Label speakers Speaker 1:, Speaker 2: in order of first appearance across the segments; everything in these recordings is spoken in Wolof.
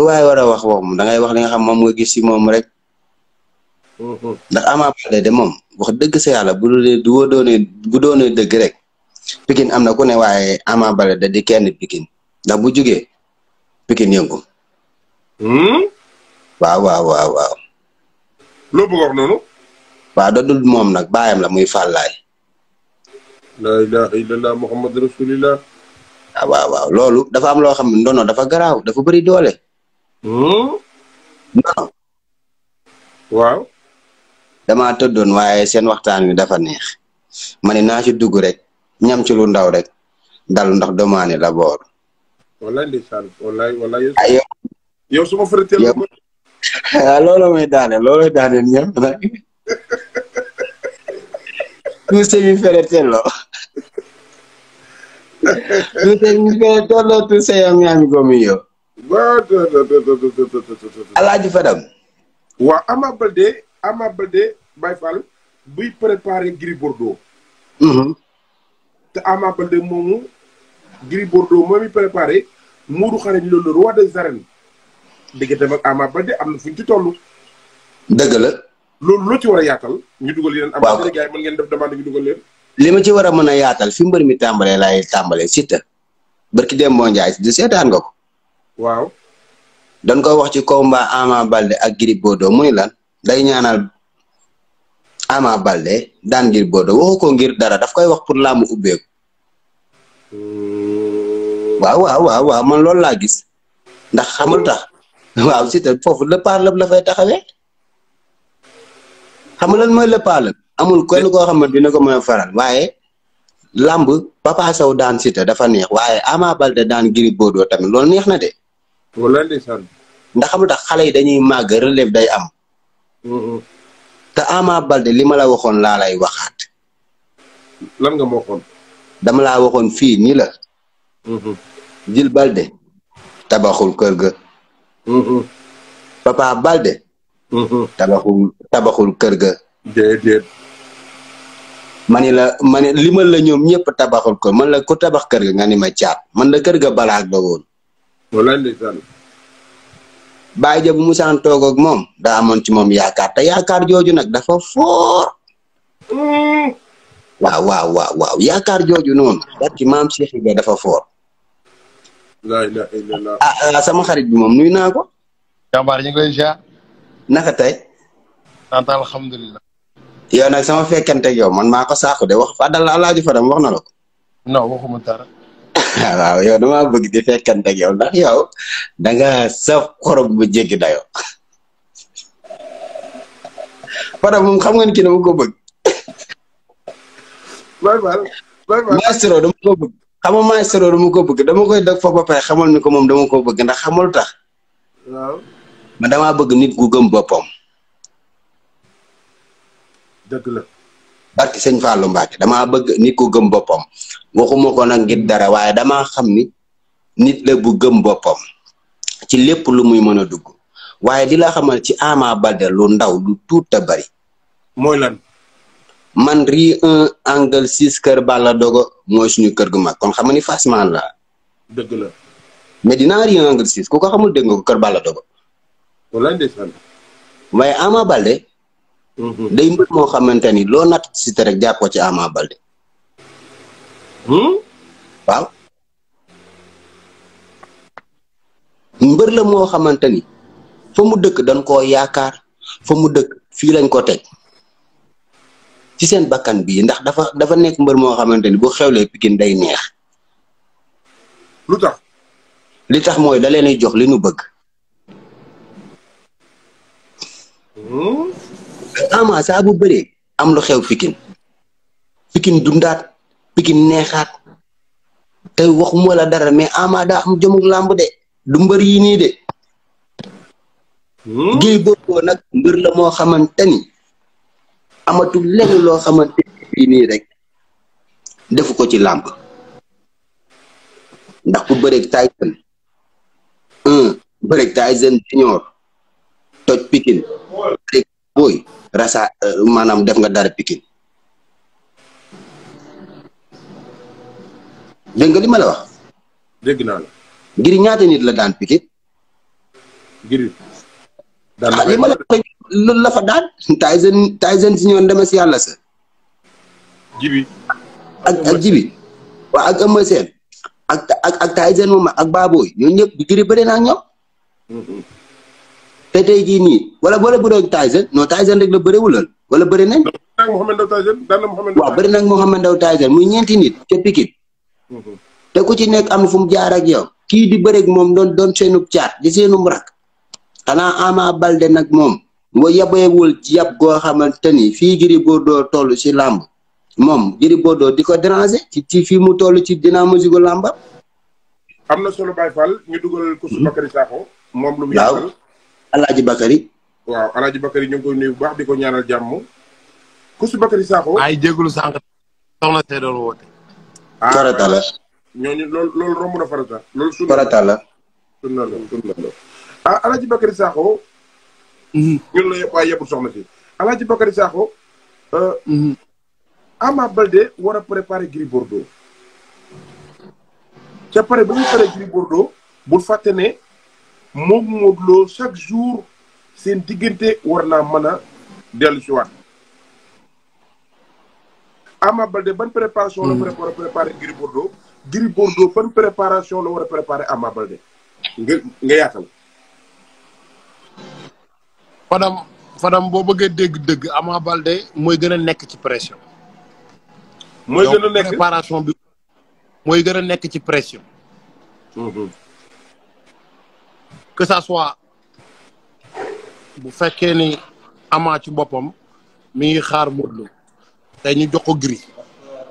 Speaker 1: lu waaye war wax moom da wax li nga xam moom nga gis si moom rek. ndax Ama de moom wax dëgg sa yàlla bu doonee du doonee bu dëgg rek Pikine am na ku ne waaye Ama Baldé da kenn Pikine ndax bu jugee pikin yëngu. Hmm? waaw waaw waaw waaw. wax noonu. waaw dodul moom nag baayam la muy fàllaay. la ilaha illallah waaw loolu dafa am loo xam ne dafa garaaw dafa bëri doole. Hmm? non. waaw. damaa tëddoon seen waxtaan wi dafa neex ma ne naa ci dugg rek ñam ci lu ndaw rek dal ndax domaane la boor.
Speaker 2: walaay ndeysaan walaay walaay. Ah, yow yow su ma fërëteel ko. Ah, looloo may daaneel looloo daaneel ñëpp nag.
Speaker 1: tout ce qui fërëteel loo. tout ce qui fërëteel loo tout ce yow ñaami gomi yow. alaaji Fadam. waaw Ama Baldé
Speaker 2: Ama Baldé Baye Fall buy préparé Gris Bordeaux. Mhm. te Ama Baldé moomu Gris Bordeaux moomi préparé Modou Xarañ loolu le roi des arènes digganteem ak Ama Baldé am na fuñ ci toll. dëgg la.
Speaker 1: ci war a yaatal ñu
Speaker 2: dugal yeneen. waaw am na gars mën ngeen def demande ñu dugal leen.
Speaker 1: li ma ci war a mën a yaatal fi mbër mi tàmbalee laay tàmbalee Siteu. barki Demba Ndiaye di seetaan nga ko. waaw dañ ko wax ci komba Ama balde ak giri bodo muy lan day ñaanal Ama balde daan Gris bodo waxu ko ngir dara daf koy wax pour ubbe ko waaw waaw waaw waaw man lool la gis ndax xamul tax waaw ci te le parle la fay taxawé xam lan le parle amul kenn koo xam ne dina ko mëna faral waye lamb Papa Sow daan te dafa neex waye Ama balde dan giri bodo tamit lool neex na de wala ndeysaan ndax xam lu tax xale yi dañuy màgg relève day am. te Ama Balde li ma la waxoon laa lay waxaat. lan nga ma waxoon. dama laa waxoon fii nii la. jil Balde. tabaxul kër ga. papa Balde. tabaxul tabaxul kër ga. déedéet. ni la ma ne limal la ñoom ñëpp tabaxul kër man la ku tabax kër ga nga ni ma caat man la kër ga balaag la woon. walaay ndeysaan. Baye bu musaan toog ak moom daa amoon ci moom yaakaar te yaakaar jooju nag dafa foor. Hmm. waaw waaw waaw waaw yaakaar jooju noonu barki maam Cheikh dafa foor. Ah, ah sama xarit bi moom nuy naa ko. jàmbaar ñu ngi lay ziar. naka tey. sant alhamdulilah. yow nag sama fekkente yow man maa saako de wax fa dal Fadam wax na la ko. waaw yow damaa bëgg di fekkante ak yow ndax yow da nga saf xorom bu jéggi dayoo Fada moom xam nga ni kii dama ko bëgg. maestro dama ko bëgg xam nga maestro dama ko bëgg dama koy dog fa ba pare xamal ni ko moom dama bëgg nit gu gëm boppam. dëgg la barki sëñ Fallou Mbacke dama bëgg nit ku gëm boppam waxuma ko nak ngir dara waaye dama xam ni nit la bu gëm boppam ci lépp lu muy mën a dugg waaye di la xamal ci Ama balde lu ndaw lu tuut te bari mooy lan man ri un angle six kër Balla Dogo mooy suñu kër gu mag kon xam ni la dëgg la mais dina ri un angle six ku ko xamul dégg nga ko kër Balla Dogo wala waaye Ama balde Mhm. day mbër mo xamanteni lo nat ci tere jappo ci Ama balde hmm waaw. mbër la mo xamanteni fa mu dëkk dan ko yaakar fa mu dëkk fi lañ ko teg ci sen bakkan bi ndax dafa dafa nek mbër mo xamanteni bu xewle Pikine day neex. lutax li tax moy da leen jox li nu bëgg. Hmm? Ama saa bu bëree am lu xew Pikine Pikine dundaat Pikine neexaat te waxuma la dara mais Ama daa am jomug làmb de du mbër yi nii de. Hmm? géej boobu nag mbër la moo xamante ni amatul lenn loo xamante ni rek defu ko ci làmb ndax ku bëreeg Tyson un bëreeg Tyson junior toj Pikine bëreeg booy. rasa euh, maanaam def nga dara Pikine dégg nga li ma la wax. dégg la. ñaata nit la daan Pikine. ngir. daan la ah, li ma la wax loolu la fa daan. Tyson Tyson si ñoon deme si yàlla jibi ak ak jibi waa ak Eumeu Sène ak ak Baboy ñooñu ñëpp giri bëri na ñoom. Mm-hmm. te tey jii nii wala wala bëreeg Tyson non Tyson rek la bëriwulal wala bëri na
Speaker 2: waaw
Speaker 1: bëri nag Mohamed Ndao Tyson muy ñeenti nit mhm. te pikit ku ci nekk am fu mu jaar ak yow kii di bëreeg moom doon doon seenub caat di seenum rak xanaa Ama Balde nag moom wa yabeewul ci yab goo xamante ni fii Gris Bordeaux toll si làmb moom Gris Bordeaux di ko déranger ci ci fii mu toll ci dynamisme làmba am na solo Baye Fall ñu dugal ko su Bakary Sakho moom lu mu Alaaji Bakary.
Speaker 2: waaw Alaaji Bakary ñu nuyu bu baax di ko ñaanal jàmm. Kousu Bakary Sakho. ay jégalu sànq soxna see doon woote. Ah, farata la ñooñu romb na farata. loolu sunna farata sunna la ah Alaaji Bakary Sakho. Mhm. ñun la yëpp euh, mhm. Balde war a préparer Gris Bordeaux. ca pare ba ñu paree Gris Bordeaux bul fàtte ne. moom Modou chaque jour seen diggante war naa mën a dellu si waat ban préparation la war a préparé Gris Bordeaux Gris préparation la war a préparé Ama Baldé nga nga yaatal fadam fadam boo bëggee dégg dëgg
Speaker 3: Ama Baldé mooy gën a nekk ci pression mooy gën a nekk préparation mooy gën a nekk ci pression hmm, hmm. que ça soit bu fekkee ni Ama ci boppam mi ngi xaar Modou Lo ñu jox ko gri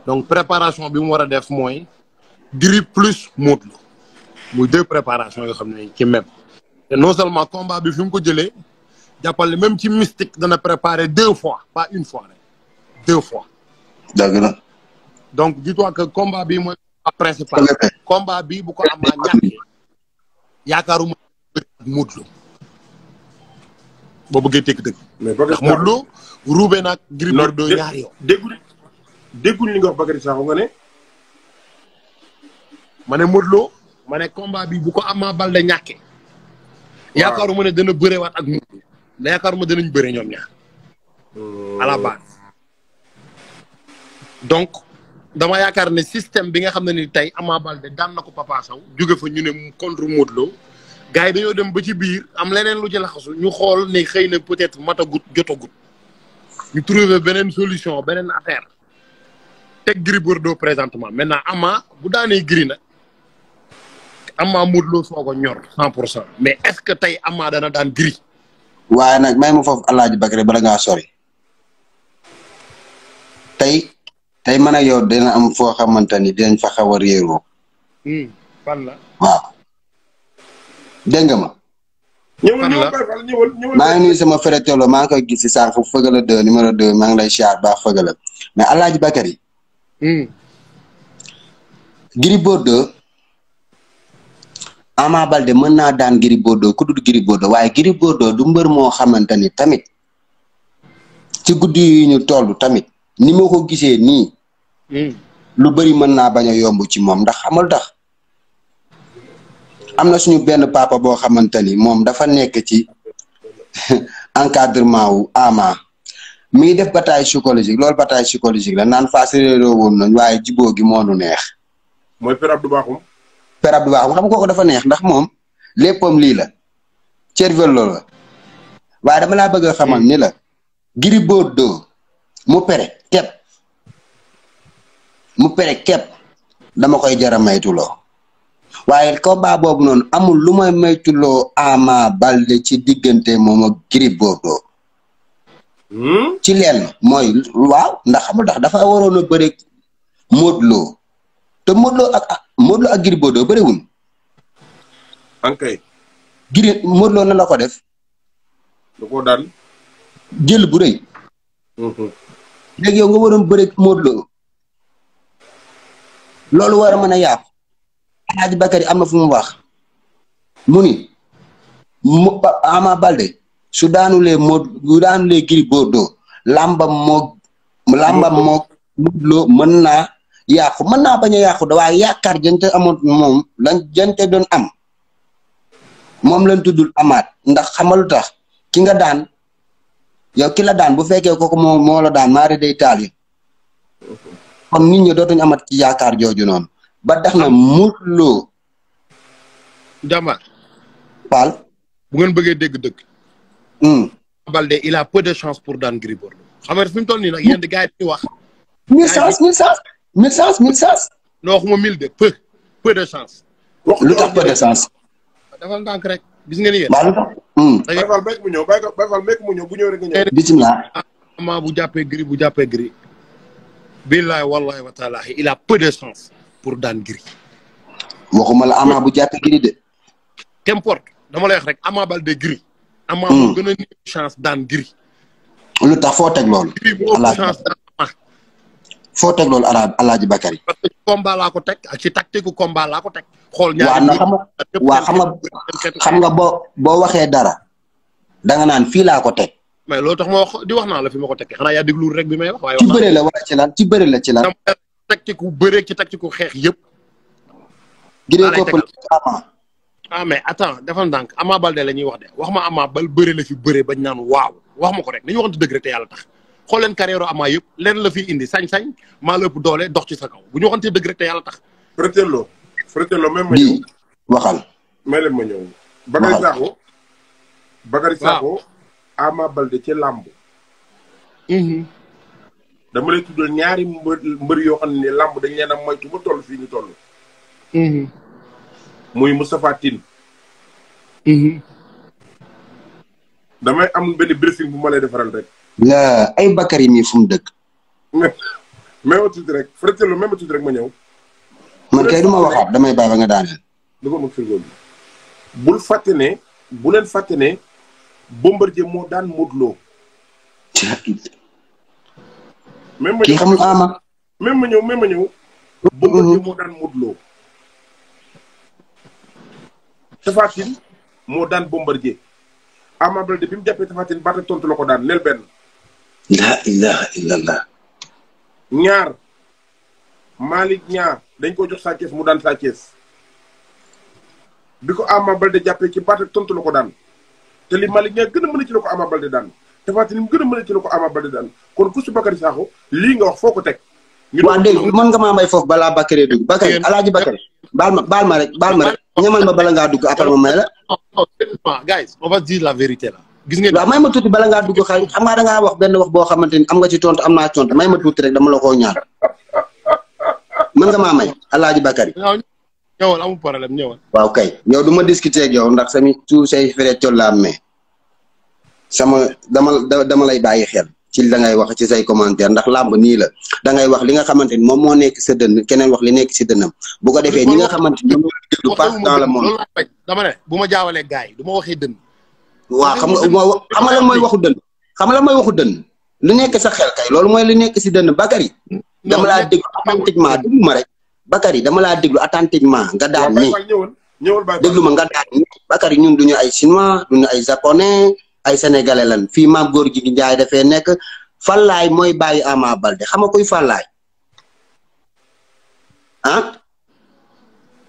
Speaker 3: donc préparation bi mu wara def moy gri plus Modou mu deux préparation yo xamné ci même te non seulement combat bi fi mu ko jëlé jàppale même ci mystique dana préparer deux fois pas une fois deux fois. dëgg la. donc dis-toi que combat bi mooy. principal combat bi bu ko Ama ñak yaakaaruma.
Speaker 2: Modou Lo boo bëggee tekk dëgg. mais ndax Modou Lo ruube naag. Gris Bordeaux ñaari yoon déggul déggul li nga ne. ma ne Modou combat bi bu ko Ama Baldé ñàkkee.
Speaker 3: waaw yaakaaruma ne dana bërewaat ak Modou Lo. mais yaakaaruma danañ bëre ñoom ñaar.
Speaker 1: Hmm. à
Speaker 3: donc dama yaakaar ne système bi nga xam ne ni tey amaa Baldé daan na ko Papa Sow fa ñu ne contre Modou Lo. gars yi dañoo dem ba ci biir am leneen lu ci laxasu ñu xool ne xëy na peut-être matagut jotagut ñu trouver beneen solution beneen affaire teg Gris Bordeaux présentement maintenant Ama bu daanee Gris nag Ama Modou Lo soog a ñor cent pour cent
Speaker 1: mais est-ce que tey Ama dana daan Gris waaye nag may ma foofu Alaaji Bakary bala ngaa sori tey tey man ak yow dina am foo xamante ni dinañ fa xaw a réeroo
Speaker 3: hmm, la
Speaker 1: dégg nga ma. ñëwul maa ngi sama frère Thélo maa ngi koy gis si sànq Feugeula 2 numéro 2 maa ngi lay siyaar baax Feugeula mais El Hadj Bakary. Hmm. Gris mën naa daan Gris Bordeaux ku dul Gris Bordeaux waaye Gris du mbër moo xamante ni tamit ci guddi yi tamit ni ma ko gisee nii. Hmm. lu bari mën naa bañ a yomb ci moom ndax xamul dax am na suñu benn papa boo xamante ni moom dafa nekk ci encadrement wu ama mi ngi def bataille psychologique loolu bataille psychologique la naan faa séeréeroo woon nañ waaye jiboo gi moo neex. mooy Père Abdou Bakhoum. Père Abdou Bakhoum xam nga dafa neex ndax moom léppam lii la cervelle loolu waaye dama laa bëgg a xamal ni la. Gris Bordeaux mu pere képp mu pere képp dama koy jar a maytuloo waaye combat boobu noonu amul lu may moytuloo Ama Baldé ci diggante moom ak Gris Bordeaux hmm? ci lenn mooy waaw ndax xamul ndax dafa waroon a bëre Modou te Modou Lo ak Modou Lo ak Gris Bordeaux bëriwul. ankay. Gris na la ko def. da koo daan. jël bu rëy. Hmm. léegi yow nga waroon bëre Modou Lo loolu war mën a yàqu. Alaaji Bakari am na fu mu wax mu ni mu Ama Balde su daanulee moo su daanulee Gris Bordeaux làmbam moo làmbam moo Modou mën naa yàqu mën naa bañ a yàqu da waaye yaakaar jënte amoon moom lañ jënte doon am moom lañ tuddul amaat ndax xamalu tax ki nga daan yow ki daan bu fekkee kooku moo la daan maari day taal yi kon nit ñi dootuñu amat ci yaakaar jooju noonu ba tax na Modou Lo. jàmbaar.
Speaker 3: bu ngeen bëggee dégg dëgg. Hmm. Balde il a peu de chance pour dan Gris Bordeaux. xam nga fi mu toll nii nag yéen gars yi di wax. mille chance mille chance mille chance mille chance. non waxuma mille de peu peu de chance.
Speaker 1: wax lu tax peu de chance.
Speaker 3: dafal ndànk rek gis ngeen yéen. maanaam. da ngeen bayfal meek mu ñëw bayfal meek mu ñëw bu ñëw rek nga ñëw.
Speaker 1: bisimilah.
Speaker 3: bu jàppee gri bu jàppee gri billahi wallahi wa taalahi il a peu de chance. pour dan giri waxuma la ama bu jàppee giri de kemport dama lay wax rek ama bal de giri ama mo hmm. gëna ni chance dan giri
Speaker 1: lu ta fo tek lool fo tek lool ala alaaji bakari.
Speaker 3: combat la ko tek ak ci tactique combat la ko tek xol ñaar wa xam nga xam nga bo
Speaker 1: bo waxe dara da nga nan fi la ko tek
Speaker 3: mais lo tax mo di wax na la fi mako tek xana ya deglu rek bi may wax waaye ci beure la wala
Speaker 1: ci lan ci beure la ci lan
Speaker 3: tactique wu bëree ci tactique wu xeex yëpp. daa lay tegal ah mais attends defal ndànk Ama Baldé la ñuy wax de wax ma Ama Bal bëre la fi bëre bañ naan waaw wax ma ko rek dañu waxante dëgg rek te yàlla tax xool leen carrière Ama yëpp leen la fi indi sañ-sañ maa la ëpp doole dox ci sa kaw bu ñu waxante dëgg rek te yàlla tax.
Speaker 2: Fratello Fratello même ma ñëw waxal. may leen ma ñëw. Bakary Sakho Bakary Sakho Ama dama lay tuddal ñaari mbeur yo yoo lamb dañ leena moytu bu toll fi ñu toll. Mhm. muy tin hmm damay am benn briefing bu ma lay defaral rek.
Speaker 1: la ay bakari mii fu mu dëkk.
Speaker 2: mais wotu rek frété lu même tuuti rek ma ñew man kay duma waxat damay baba nga daal lu ko mag frigo bi. bul faté né bu len faté né Bombardier mo daan modlo même ma ñëw kii xamul ama même ma ñëw même ma ñëw. bëgg ñu moo daan mudloo. Tafatine moo daan bombardier. Ama Baldé bi mu jàppee Tafatine baata tontu la ko daan nel benn. la ilaha illallah. ñaar Malick ñaar dañ ko jox Sathiès mu daan Sathiès. bi ko Ama Baldé jàppee ci baata tontu la ko daan. te li Malick ñaar gën a a ci la ko Ama Baldé daan. waa Tine mu a mën a ci la ko Ama Baldé
Speaker 1: wax foo ko teg. waaw maa may foofu balaa Bakary dugg Bakary alaaji Bakary baal ma baal ma rek baal ma rek ñamal ma bala ngaa dugg après ma may la. guys on va dire la vérité gis ngeen waaw may ma tuuti bala ngaa dugg xay xam nga da ngaa wax benn wax boo xamante ni am nga ci tontu am naa tontu may ma tuuti rek dama la koo ñaar mën nga maa may alaaji Bakary.
Speaker 3: ñëwal amul problème ñëwal.
Speaker 1: waaw kay yow du ma discuter ak yow ndax sami tout say frais col la amee sama dama dama lay bàyyi xel ci la ngay wax ci say commentaire ndax làmb nii la da ngay wax li nga xamante ni moom moo nekk sa dënn keneen wax li nekk si dënnam bu ko defee ni nga xamante ni ñoom du passe dans le monde
Speaker 3: dama bu ma jaawalee gars yi du ma
Speaker 1: waxee dënn xam nga moo xam nga lan mooy waxu dënn xam nga lan mooy waxu dënn lu nekk sax xel kay loolu mooy lu nekk si dënn Bakary dama laa déglu attentivement déglu ma rek Bakary dama laa déglu attentivement nga daan ni déglu ma nga daan ne Bakary ñun duñu ay chinois duñu ay japonais ay sénégalais lan fii maam góor gi Njaay dafee nekk fallaay mooy bàyyi Ama Balde xam nga kuy fallaay ah.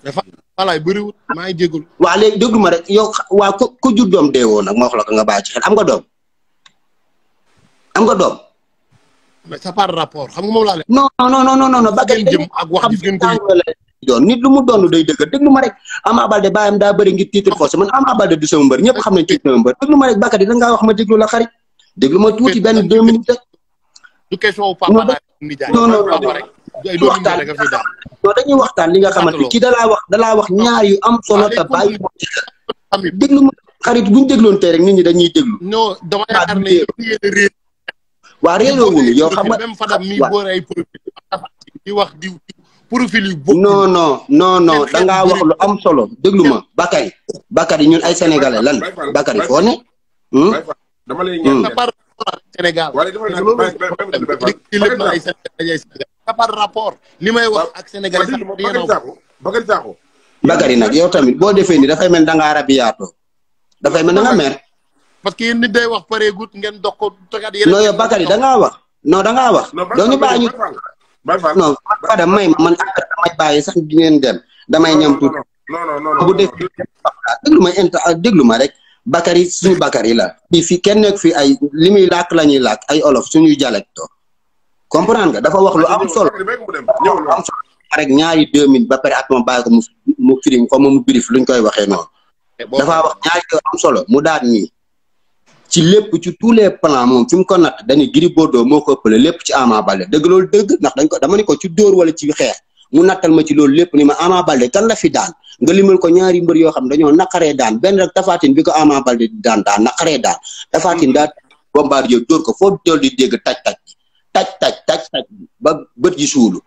Speaker 1: dafa fallaay bëriwul maa ngi jégalu. waa léegi déglu ma rek yow waa ku ku jur doom deewoo nag ma wax la ko nga ci xel am nga doom am nga doom. mais ça par rapport xam nga moom laa leen. non non don nit lu mu doon day deug lu ma rek am abal de bayam da bëri ngi titre force man Ama Baldé du sama mbër ñëpp xam nañ ci titre deug lu ma rek Bakary da nga wax ma deglu la xari déglu ma tuuti ben 2 minutes rek. du
Speaker 3: question papa da mi jaay non non rek waxtaan
Speaker 1: do dañuy waxtaan li nga xamanteni xamante da la wax da la wax ñaar yu am solo te bàyyi ko déglu ma xarit buñu deglon tay rek nit ñi dañuy deglu non dama ah, yaakar ne wa waa wu yo xam nga même fa da mi bo ray pour di wax di profilu yu non non non non da nga wax lu am solo degluma ma Bakari ñun ay sénégalais lan Bakari. foo ne. Hmm?
Speaker 2: dama lay ñaan hmm. Sénégal
Speaker 1: par rapport li may wax ak sénégalais bakari taxo bakari nak yow tamit bo defee ni fay mel da arabiyato da fay mel da nga mer.
Speaker 3: parce que yéen nit day wax gout ngeen
Speaker 1: tagat ko. non yo bakari da nga wax non da nga wax. do ñu bañu Baye Fall Fada may man ak damay bàyyi sax di ngeen dem damay ñam tuuti. non non non bu dégg déglu ma inter déglu rek. Bakary suñu Bakary la. fii fii kenn nekk fii ay li muy làkk la ñuy làkk ay olof suñuy dialecte. comprendre nga dafa wax lu am solo. am solo ñaari deux minutes ba pare ak ma bàyyi ko mu mu firi ko mu birif luñ koy waxee noonu. dafa wax ñaari am solo mu daal nii. ci lépp ci tous les plans moom fi mu ko natt dañuy Gris Bordeaux moo ko ëppale lépp ci Ama Baldé dëgg lool dëgg ndax dañ ko dama ko ci dóor wala ci xeex mu nattal ma ci loolu lépp ni ma Ama Baldé kan la fi daan nga limal ko ñaari mbër yoo xam dañoo naqaree daan benn rek tafaatin bi ko Ama Baldé di daan daan naqaree daan tafaatin daa bombardier dóor ko foofu dool di dégg taj taj taj taj taj ba bët ji suulu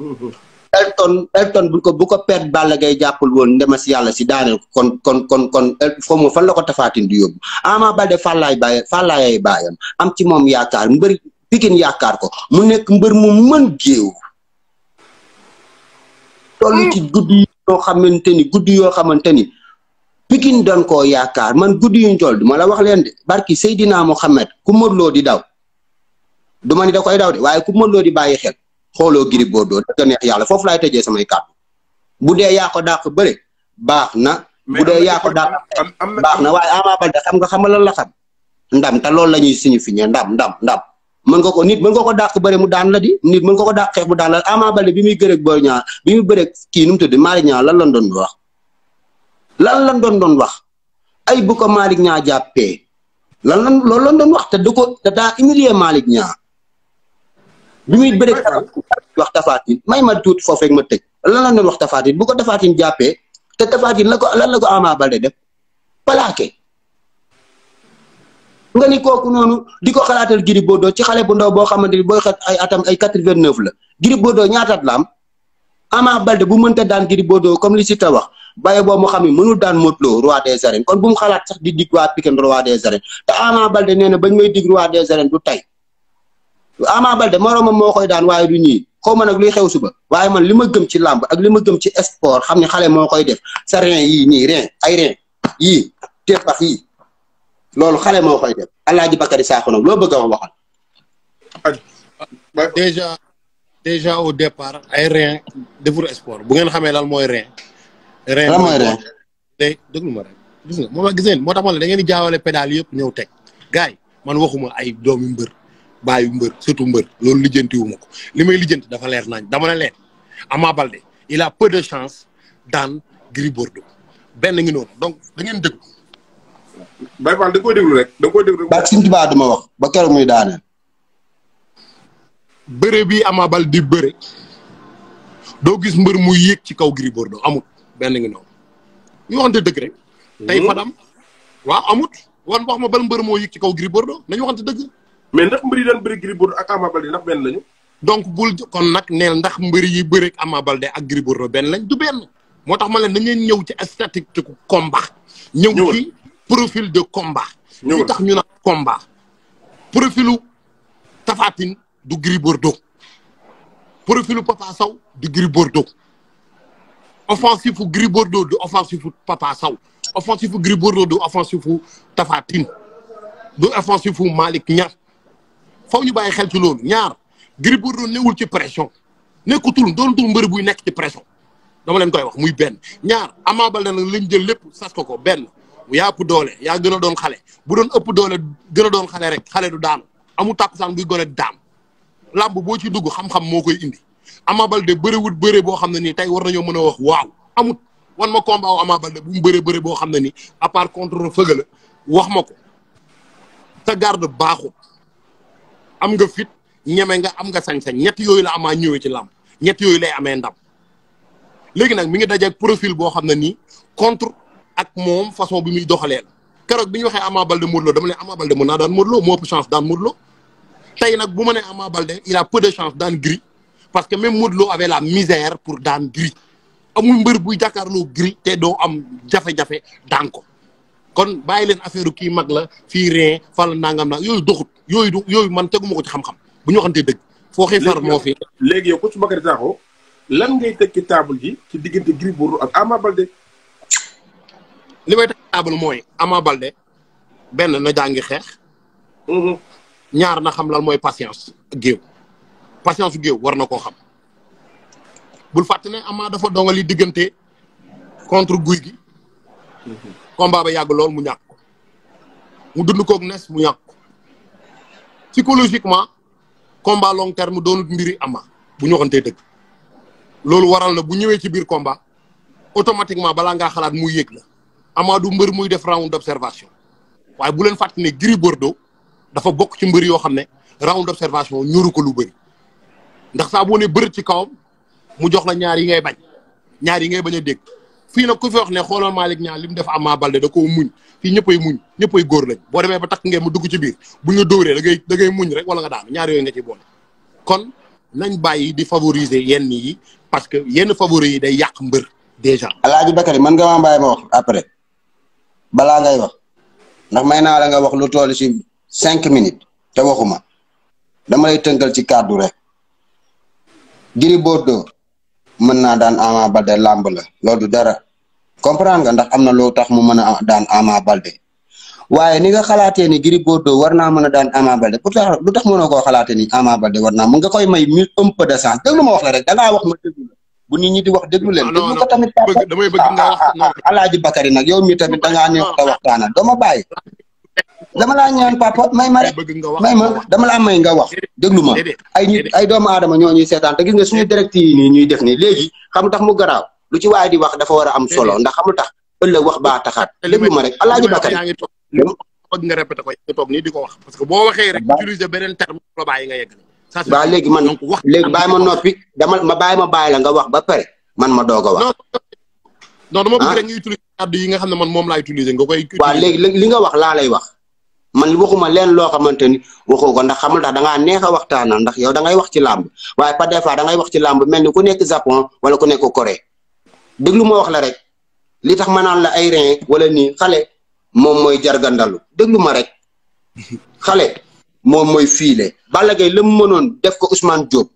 Speaker 1: Elton Elton bu ko bu ko perte Balla Gaye jappul won ndema ci Yalla ci daaneel kon kon kon kon fo mo fan la ko tafaatin di yóbbu Ama fallay baye fallay ay bayam am ci mom yaakar mbeur Pikine yaakar ko mu nek mbeur mu mën geew toll ci guddi yoo xamante ni guddi yo xamanteni Pikine doon koo man guddi yu ndol du mala wax len de barki sayidina muhammad ku modlo Lo di daw du ni da koy daw de waye ku modlo Lo di baye xel xooloo Gris Bordeaux dafa neex yalla foofu lay teje samay kàddu budé ya ko dakk bëre baxna budé ya ko dakk baxna way waaye Ama Baldé xam nga xam nga lan la xam. ndam te loolu la ñuy signifié ndam ndam ndam mën nga ko nit mën nga ko dakk bëre mu daan la di nit mën nga ko dakk xex mu daan la Ama bal bi muy gërëg bo ñaar bi muy bëreeg ki num mu tudd Malick lan lan doon wax. lan lan doon doon wax ay bu ko malik Niang jappé lan lan loolu lan doon wax te duko ko da humilier Malick bi muy bëri wax tafaatin may ma tuut foofu rek ma tëj la la doon wax tafaatin bu ko tafaatin jàppee te tafaatin la ko lan la ko Ama Baldé def plaqué nga ni kooku noonu di ko xalaatal Gris Bordeaux ci xale bu ndaw boo xamante ni booy xat ay atam ay quatre vingt la Gris Bordeaux ñaataat la am Ama Baldé bu mënta daan Gris comme li ta wax bàyyi boo mu xam ne mënul daan Modou Lo roi des arènes kon bu mu xalaat sax di dig waa roi des arènes te Ama Baldé nee na bañ may dig roi des arènes du tey amaa Balde moroomam moo koy daan waaye du ñii xaw ma nag luy xew suba waaye man li ma gëm ci làmb ak li ma gëm ci sport xam ne xale moo koy def sa yi yii nii rein ay rein yii teppax yii loolu xale moo koy def Alaaji Bakari Sakho nag loo bëgg a wax waxal. déjà
Speaker 3: déjà au départ ay rein defur spor bu ngeen xamee lan mooy rein. rein lan mooy rein. day déglu ma rek gis nga moom la gis ngeen moo tax ma ne da ngeen di jaawale pédale yëpp ñëw teg gars yi man waxuma ay doomi mbër. bàyyi mbër surtout mbër loolu lijjanti wu ma ko li may lijjanti dafa leer nañ dama ne leen Ama Baldé il a peu de chance daan Gris Bordeaux benn ngi noonu donc da ngeen déglu.
Speaker 2: Baye Fall da rek da nga koy déglu. ba
Speaker 1: suñ wax ba keroog muy daaneel.
Speaker 2: bëre bi Ama di bëre doo gis mbër
Speaker 3: muy yéeg ci kaw Gris Bordeaux amut benn ngi noonu ñu waxante dëgg rek. tey hmm. Fadam waaw amut wan wax ma ban mbër moo yéeg ci kaw Gris Bordeaux nañu waxante dëgg. mais ndax mbir yi daan bëri Gris Bordeaux ak Ama Baldé ndax benn lañu. donc bul kon nag neel ndax mbir yi bëri ak Ama Baldé ak Gris Bordeaux benn lañ du benn moo tax ma leen dañ leen ñëw ci statistique combat. ñëw ci profil de combat. ñëw tax ñu naan combat. profilu Tapha Tine du Gris Bordeaux. profilu Papa Sow du Gris Bordeaux. offensifu Gris Bordeaux du offensifu Papa Sow. offensifu Gris Bordeaux du offensifu Tapha Tine. du offensifu Malick Niass. faw ñu bàyyi xel ci loolu ñaar Gris Bordeaux wul ci pression nekkutul doonatul mbër buy nekk ci pression dama leen koy wax muy benn ñaar Ama Baldé nag lañ jël lépp sas ko ko benn yaa ëpp doole yaa gën a doon xale bu doon ëpp doole gën a doon xale rek xale du daanu amul tàkkusaan buy gone daam làmb boo ci dugg xam-xam moo koy indi Ama Baldé bëriwut bëre boo xam ne nii tey war nañoo mën a wax waaw amu wan ma combat wu Ama Baldé bu mu bëree bëre boo xam ne nii à part contre wax ma ko sa garde baaxut am nga fit ñeme nga am nga sañ-sañ ñett yooyu la amaa ñëwee ci làmb ñett yooyu lay amee ndam léegi nag mi ngi dajeeg profil boo xam ne nii contre ak moom façon bi muy doxalee la keroog bi ñu waxee Ama Baldé Modou Lô dama ne Ama Baldé mën naa daan Modou Lô moo ëpp chance daan Modou tey nag bu ma nee Ama Baldé il peu de chance daan Gris parce que même Modou Lô avait la misère pour daan Gris amul mbër buy jàkkaarloo Gris te doo am jafe-jafe daan ko kon bàyyi leen affaire ki mag la fii rien fal nangam na yooyu doxut yooyu du yooyu man teguma ko ci xam-xam
Speaker 2: bu ñu waxantee dëgg. foo xëy far moo fi. léegi yow ko ci Bakary Sakho lan ngay tekki table ji ci diggante Gris Bordeaux ak Ama Balde. li may tekki table mooy
Speaker 3: Ama Balde benn na jàngi xeex. Mm-hmm. ñaar na xam lan mooy patience géew patience géew war na koo xam. bul fàtte ne Ama dafa dongali diggante contre guy gi. Mm-hmm. combat ba yag lool mu ñak mu dund ak nes mu ñak psychologiquement combat long terme doonut mbiri ama bu ñu xonté deug lool waral na bu ñëwé ci bir combat automatiquement bala nga xalaat mu yegg la ama mbeur muy def round d'observation waye bu len fàttali ne gri Bordeaux dafa bok ci ohamne yo xam round d'observation ñoru ko lu bari ndax sa bo ne beur ci kaw mu jox la ñaar yi ngay bañ ñaar yi ngay bañ fii nag ku fi wax ne xoolal Malick Niang li mu def Ama Baldé da koo muñ fii ñëppay muñ ñëppay góor lañ boo demee ba takk ngeen mu dugg ci biir bu ñu dóoree da gay da ngay muñ rek wala nga daanu ñaar yooyu nga ci boole kon nañ bàyyi di favoriser yenn yi parce que yenn favori
Speaker 1: yi day yàq mbër déjà Alaaji Bakary man nga maa bàyyi ma wax après balaa ngay wax ndax may naa la nga wax lu toll ci cinq minutes te waxuma dama lay tënkal ci kàddu rek Gris Bordeaux mën naa daan Ama Baldé lamb la loolu du dara comprendre nga ndax am na loo tax mu mën a daan Ama Baldé waaye ni nga xalaatee ni Gris Bordeaux war naa mën a daan Ama Baldé pour tax lu tax mënoo koo xalaatee ni Ama Baldé war naa mën nga koy may mi un peu de sens déglu ma wax la rek dangaa wax ma déglu bu nit ñi di wax déglu le déglu ko tamit Alaaji Bakari nag yow mii tamit dangaa neex ta a doo ma bàyyi. dama laa ñaan papa may ma rek may ma dama laa may nga wax lu ma ay doomu adama ñoo ñuy seetaan te gis nga suñu direct nii ñuy def nii léegi xam tax mu garaaw lu ci waaye di wax dafa war a am solo ndax xamul tax ëllëg wax baa taxaat déglu ma rek alaaji bakari bëgg nga répété ko nga toog nii di ko wax parce que boo waxee rek utiliser beneen terme la bàyyi nga yegg waaw léegi man léegi bàyyi ma noppi dama ma bàyyi ma baay la nga wax ba pare man ma doog a wax non dama bëgg ah. rek yi nga xam ne man moom laa utiliser nga koy. waaw léegi li nga wax laa lay wax man waxuma leen loo xamante ni waxoo ko ndax xamul tax da ngaa neex a waxtaanal ndax yow da ngay wax ci làmb waaye pas des fois da ngay wax ci làmb mel ni ku nekk Japon wala ku nekk Corée déglu ma wax la rek li tax ma naan la ay rein wala nii xale moom mooy jargandalu déglu ma rek xale moom mooy fiile. Balla Gaye la mu mënoon def ko Ousmane Diop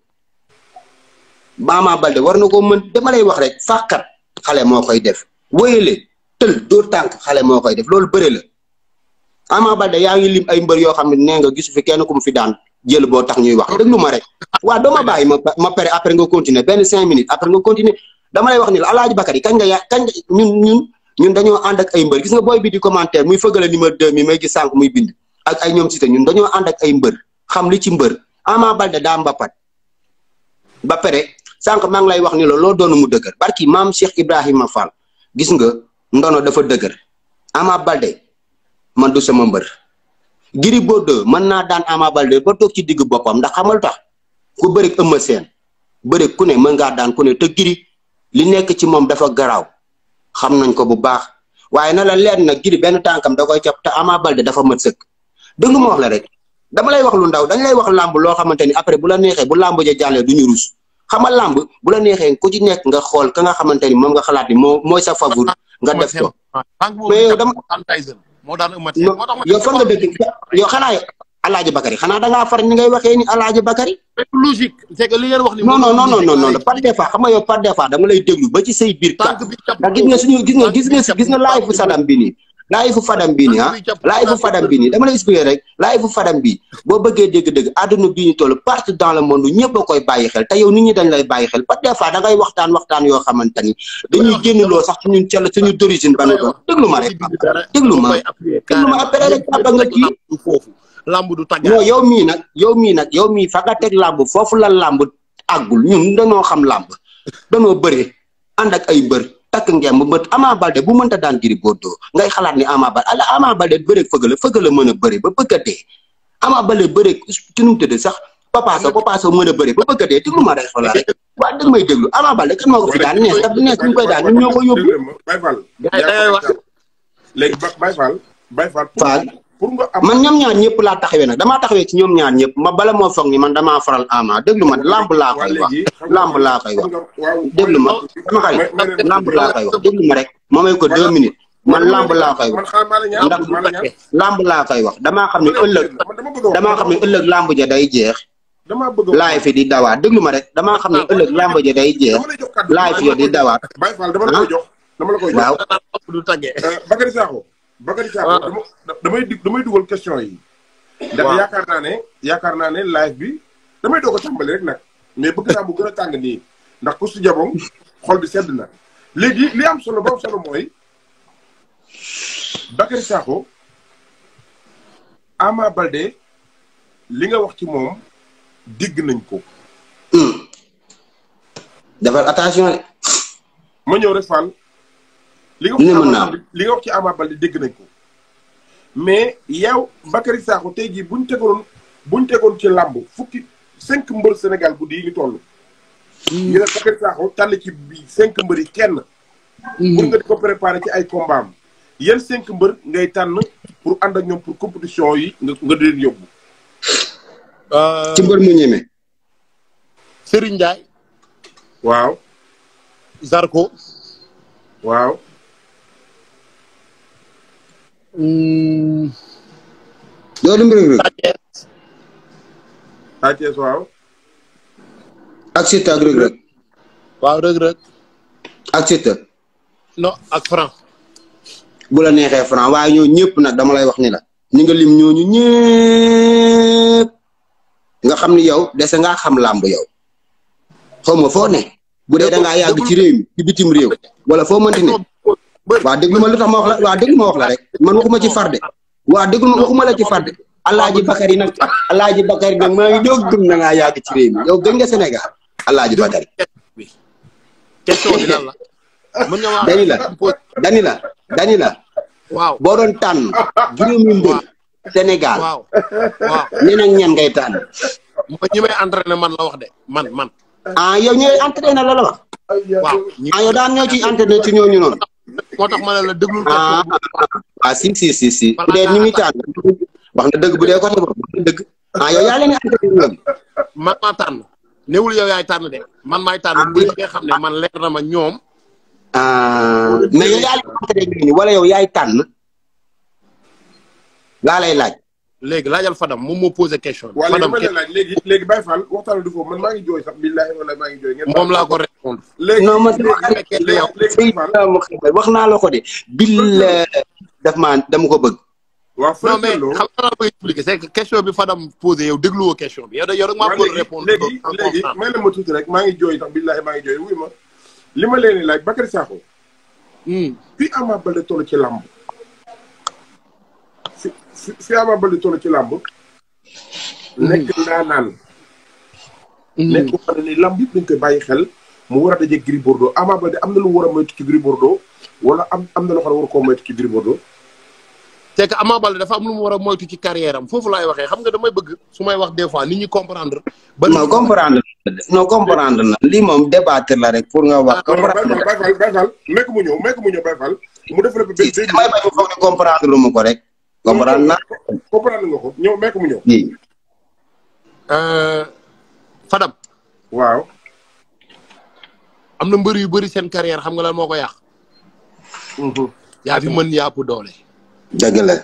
Speaker 1: Ama Baldé war na koo mën dama lay wax rek fàqat. xale moo koy def wóyale tël dóor tànk xale moo koy def loolu bëre la Ama Baldé yaa ngi lim ay mbër yoo xam ne nee nga gisu fi kenn ku mu fi daan jël boo tax ñuy wax lu ma rek waaw doo ma bàyyi ma ma pare après nga continuer benn cinq minutes après nga continuer dama wax ni la Alaaji Bakary kañ nga yaa kañ ñun ñun ñun dañoo ànd ak ay mbër gis nga booy bi di commentaire muy fëggale numéro deux mi may gi sànq muy bind ak ay ñoom si te ñun dañoo ànd ay mbër xam li ci mbër Ama Baldé daa mbapat sank mang ngi lay wax ni lo loo doonu mu dëgër barki mam Cheikh ibrahim Fall gis nga ndono dafa dëgër Ama Balde man du sama mbeur giri Bordeaux man na dan Ama Balde ba tok ci digg bopam ndax xamal tax ku beurek ëmma sen beurek ku ne man nga dan ku ne te giri li nek ci mom dafa graw xam nañ ko bu baax waye na la len nak giri ben tankam da koy Ama Balde dafa mën sëkk dëgg mo wax la rek dama lay wax lu ndaw dañ lay wax lamb lo xamanteni après bu la nexé bu lamb ja duñu xama làmb bu la neexee ku ci nekk nga xool ka nga xamante ni moom nga xalaat ni moo mooy sa favori nga def ko mais yow
Speaker 3: dama
Speaker 1: yow fan nga dëkk yow xanaa Alaaji Bakari xanaa da ngaa far ni ngay waxee ni Alaaji Bakari logique c'est que li ngeen wax ni non non dama lay déglu ba ci say biir kat ndax gis nga suñu gis nga gis nga gis nga live bi nii live fadam bii nii ah live fadam bii nii dama lay expliquer rek live fadam bii boo bëggee dégg-dégg àdduna bii ñu toll partout dans le monde ñëpp a koy bàyyi xel te yow nit ñi dañ lay bàyyi xel parce que des fois da ngay waxtaan waxtaan yoo xamante ni dañuy génn loo sax suñu cell suñu d'origine ba nu doon déglu ma rek déglu ma déglu ma après rek papa nga foofu lamb du tàggat non yow mii nag yow mii nag yow mii fa nga teg lamb foofu la lamb àggul ñun dañoo xam lamb dañoo bëre ànd ak ay bër takk ngeen mu bët Ama Baldé bu mënta daan Gris Bordeaux ngay xalaat ni Ama Baldé ala Ama Baldé bëreeg fëgg la fëgg mën a bëri ba bëgg a dee Ama Baldé bëreeg ci nu mu sax Papa Sow Papa Sow mën a bëri ba bëgg a dee a ma rek xoolal rek waaw dégg may déglu Ama Baldé kan moo ko fi daan neex daf neex bu koy daan ñun ñoo ko yóbbu. pour nga am man ñoom ñaar ñëpp laa taxawee nag damaa taxawee ci ñoom ñaar ñëpp ma bala moo foog ni man damaa faral ama déglu ma làmb laa koy wax làmb laa koy wax
Speaker 2: déglu ma dama koy làmb laa koy wax
Speaker 1: déglu ma rek ma may ko deux minutes man làmb laa koy wax
Speaker 2: ndax bu fekkee
Speaker 1: làmb laa koy wax damaa xam ne ëllëg damaa xam ne ëllëg làmb ja day jeex laay fi di dawaat déglu ma rek damaa xam ne ah, ëllëg làmb ja day jeex laay fi di dawaat ah
Speaker 2: waaw. Bakary Thiam damay damay dugal question yi.
Speaker 1: ndax yaakaar
Speaker 2: naa ne yaakaar naa ne live bi damay doog a tàmbali rek nag mais bëgg naa mu gën a tàng nii ndax ku si jaboom xol na léegi li am solo ba solo mooy Bakary Sakho Ama Balde li nga wax ci moom digg nañ ko. Hmm. defal attention. ma ñëw rek fan. li nga li nga wax ci Ama Baldé dégg nañ ko. mais yow Bakary Sakho tey jii buñ tegoon buñ tegoon ci làmb fukki cinq mbër Sénégal bu di ñu toll. Hmm. ñu ne ci cinq mbër yi kenn. Hmm. pour nga di ko préparer ci ay combat am yan cinq mbër ngay tànn pour ànd ak ñoom pour compétition yi nga nga di leen yóbbu. Euh, ci mbër mu ñeme. Serigne Ndiaye. waaw. Zarko. waaw. doo lim rëg waaw.
Speaker 1: ak Siteu ak rëg rëg. waaw ak Siteu. non ak Franc. bu la neexee Franc waaye ñoo ñëpp nag dama lay wax ni la. ñi nga lim ñooñu ñëpp nga xam ni yow dese ngaa xam làmb yow xaw ma foo ne. bu dee da ngaa yàgg ci réew mi bitim réew. wala foo mënti waa déglu ma lu ma wax la waa déglu ma wax la rek man waxuma ci farde waa déglu ma waxuma la ci farde alaaji Bakari nag alaaji Bakari nag maa ngi doog gëm na ngaa yàgg ci réew mi yow gën nga Sénégal alaaji Bakari question bi lan la mën nga ma dani la dani la dani la waaw boo doon tànn juróomi Sénégal waaw waaw nee na ñan ngay tànn
Speaker 3: mooy ñi may entraîné man la wax de man man
Speaker 1: ah yow ñi ngay entraîné la la wax waaw ah yow daan ñoo ciy entraîné ci ñooñu moo tax ma ne la déglu. ah ah si si si si. bu dee ni wax nga dëgg bu dee côté boobu wax nga dëgg. ah yow yaa leen di ànd ak
Speaker 3: man maa tànn néewul yow yaay tànn de man maay tànn ah. bu nga xam ne man leer na ma ñoom.
Speaker 1: Ah. mais yow yaa leen wala yow yaay tànn
Speaker 3: laa lay laaj. léegi laajal Fadam moom moo posé question bi. Fadam
Speaker 2: léegi léegi Baye Fall waxtaan du foofu man maa ngi jooy sax billahi moom laa
Speaker 1: ko répondre. léegi non man wax naa la ko de. billahi daf maa dama ko bëgg. waaw non xam
Speaker 3: naa la koy expliquer c'est question bi Fadam posé yow
Speaker 1: dégluwoo question bi yow da yow
Speaker 2: rek maa ko répondre. léegi léegi maa ngi jooy sax billahi maa ngi jooy wuy ma li ma leen di laaj Bakary Sakho. Hmm. fii Ama Baldé toll ci làmb fi fi Ama Baldé ci làmb mm-hmm. nekk naa naan mm-hmm. nekk xam ne làmb yëpp bàyyi xel mu war a daje Gris Bordeaux Ama Baldé am na lu war a moytu ci Gris Bordeaux wala am am na loo xam ne war koo moytu ci Gris
Speaker 3: dafa am lu mu war a moytu ci carrière foofu laay waxee xam nga damay bëgg su may wax des fois nit ñi comprendre.
Speaker 1: ba non comprendre non comprendre na lii moom débattre la rek pour nga wax. comprendre ah, la Baye Fall Baye mu ñëw nekk mu ñëw Baye Fall mu def rek. si si damay bañ a foog ne comprendre lu mu ko
Speaker 2: rek. comprendre naa comprendre nga ko ñëw mekk mu ñëw.
Speaker 3: Fadam. waaw. am na mbër yu bëri seen carrière xam nga lan moo ko yàq. Mhm. yaa fi mën yàpp doole. dëgg la.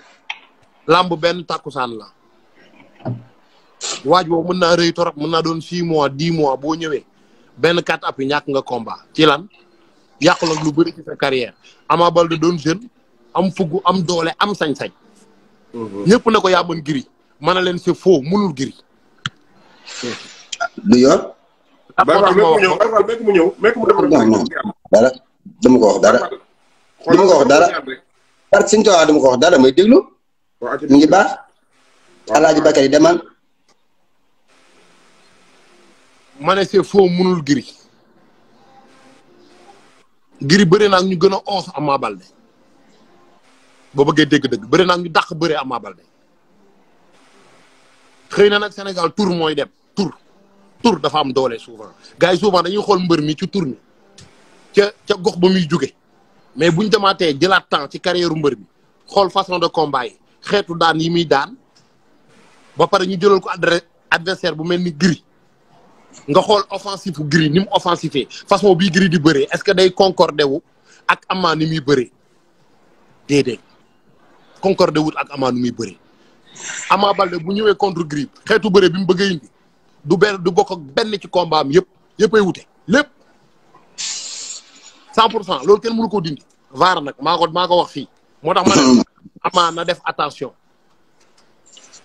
Speaker 3: lamb ben takusan la. waaj boobu mën naa rëy torop mën naa doon six mois dix mois boo ñëwee benn quatre appuis ñàkk nga combat ci lan yàqu lu bëri ci sa carrière Ama Baldé don jeune am fugu am doole am sañ-sañ. Mm-hmm. ñepp nako ya yaa giri man len ci fo mënul giri.
Speaker 1: du yor. ah moo tax mu mu dara dama ko wax dara. dama ko wax dara. dama ko wax dara may ngi baax. demal.
Speaker 3: mënul giri. giri ñu Ama bo beugé dégg dëgg bëri naa ñu dakk bëre Ama Baldé xëy na nag Sénégal tour moy dem tour tour dafa am doolé souvent gaay souvent dañuy xol mbeur mi ci tour mi ci ci gox ba muy juggé mais buñu dématé jëlat temps ci carrière mbeur mi xol façon de combat yi xétu daan yi muy daan ba paré ñu jëlul ko adversaire bu melni gri nga xol offensif gri nim offensifé façon bi gri di bëree est-ce que day concordé wu ak Ama ni muy bëree dédé concorde wut ak Ama nu muy bëri Ama Baldé bu ñëwee contre Gris xeetu bëre bi mu bëgg a indi du benn du bokk benn ci combat am yëpp yëpp ay wute lépp cent pour cent loolu kenn mënu ko dindi vaar nag wax fii moo tax ma ne na def attention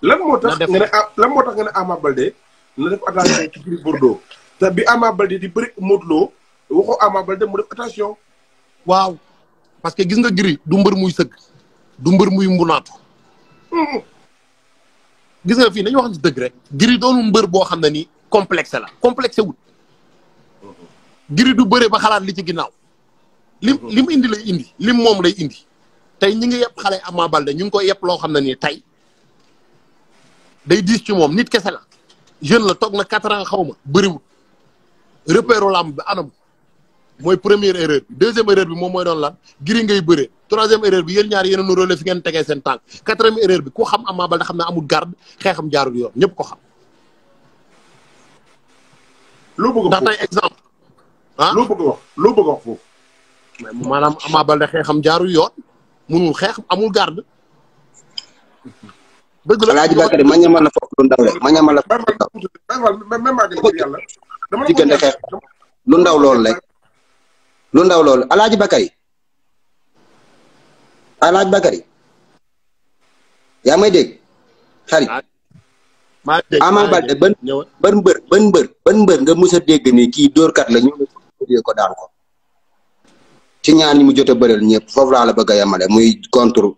Speaker 2: lan moo tax ah, moo tax nga Ama Baldé na def attention ci Gris Bordeaux te bi Ama Baldé di bëri Modou Lo waxoo Ama Baldé mu def attention waaw parce que gis nga Gris du mbër muy sëg du mbër muy mbunaatu
Speaker 3: gis nga fii nañu waxante dëgg rek giri doonu mbër boo xam ne ni complexe la complexe wut giri du bëree ba xalaat li ci ginnaaw lim lim indi lay indi lim moom lay indi tey ñi ngi yëpp xale Ama Baldé ñu ngi koy yëpp loo xam ne nii tey day diis ci moom nit kese la jeune la toog na quatre ans xaw ma bëriwul repéro lamb bi anam mooy première erreur bi deuxième erreur bi moom mooy doon lan giri ngay bëree troisième erreur bi yéen ñaar yéen a nuróole fi ngeen tegee seen tànk quatrième erreur bi ku xam Ama Baldé xam ne amul garde xeexam jaarul yoon ñëpp ko xam. Ah? a wax ndax maanaam Ama Baldé xeexam jaarul yoon munul xeex amul garde.
Speaker 1: a la El Hadj ma ñamal la foofu lu ndaw la ma ñamal la foofu lu ndaw. lu ndaw loolu rek. lu ndaw loolu El Hadj Bakary Alat Bakari. ya may deg xarit. Amal dégg Ama Baldé ban ban mbër ban mbër ban mbër nga musa deg ni ki dor kat la ñu ne ko daan ko. ci ñaan mu jotta beurel ñepp fofu la la bëgg yamale muy contre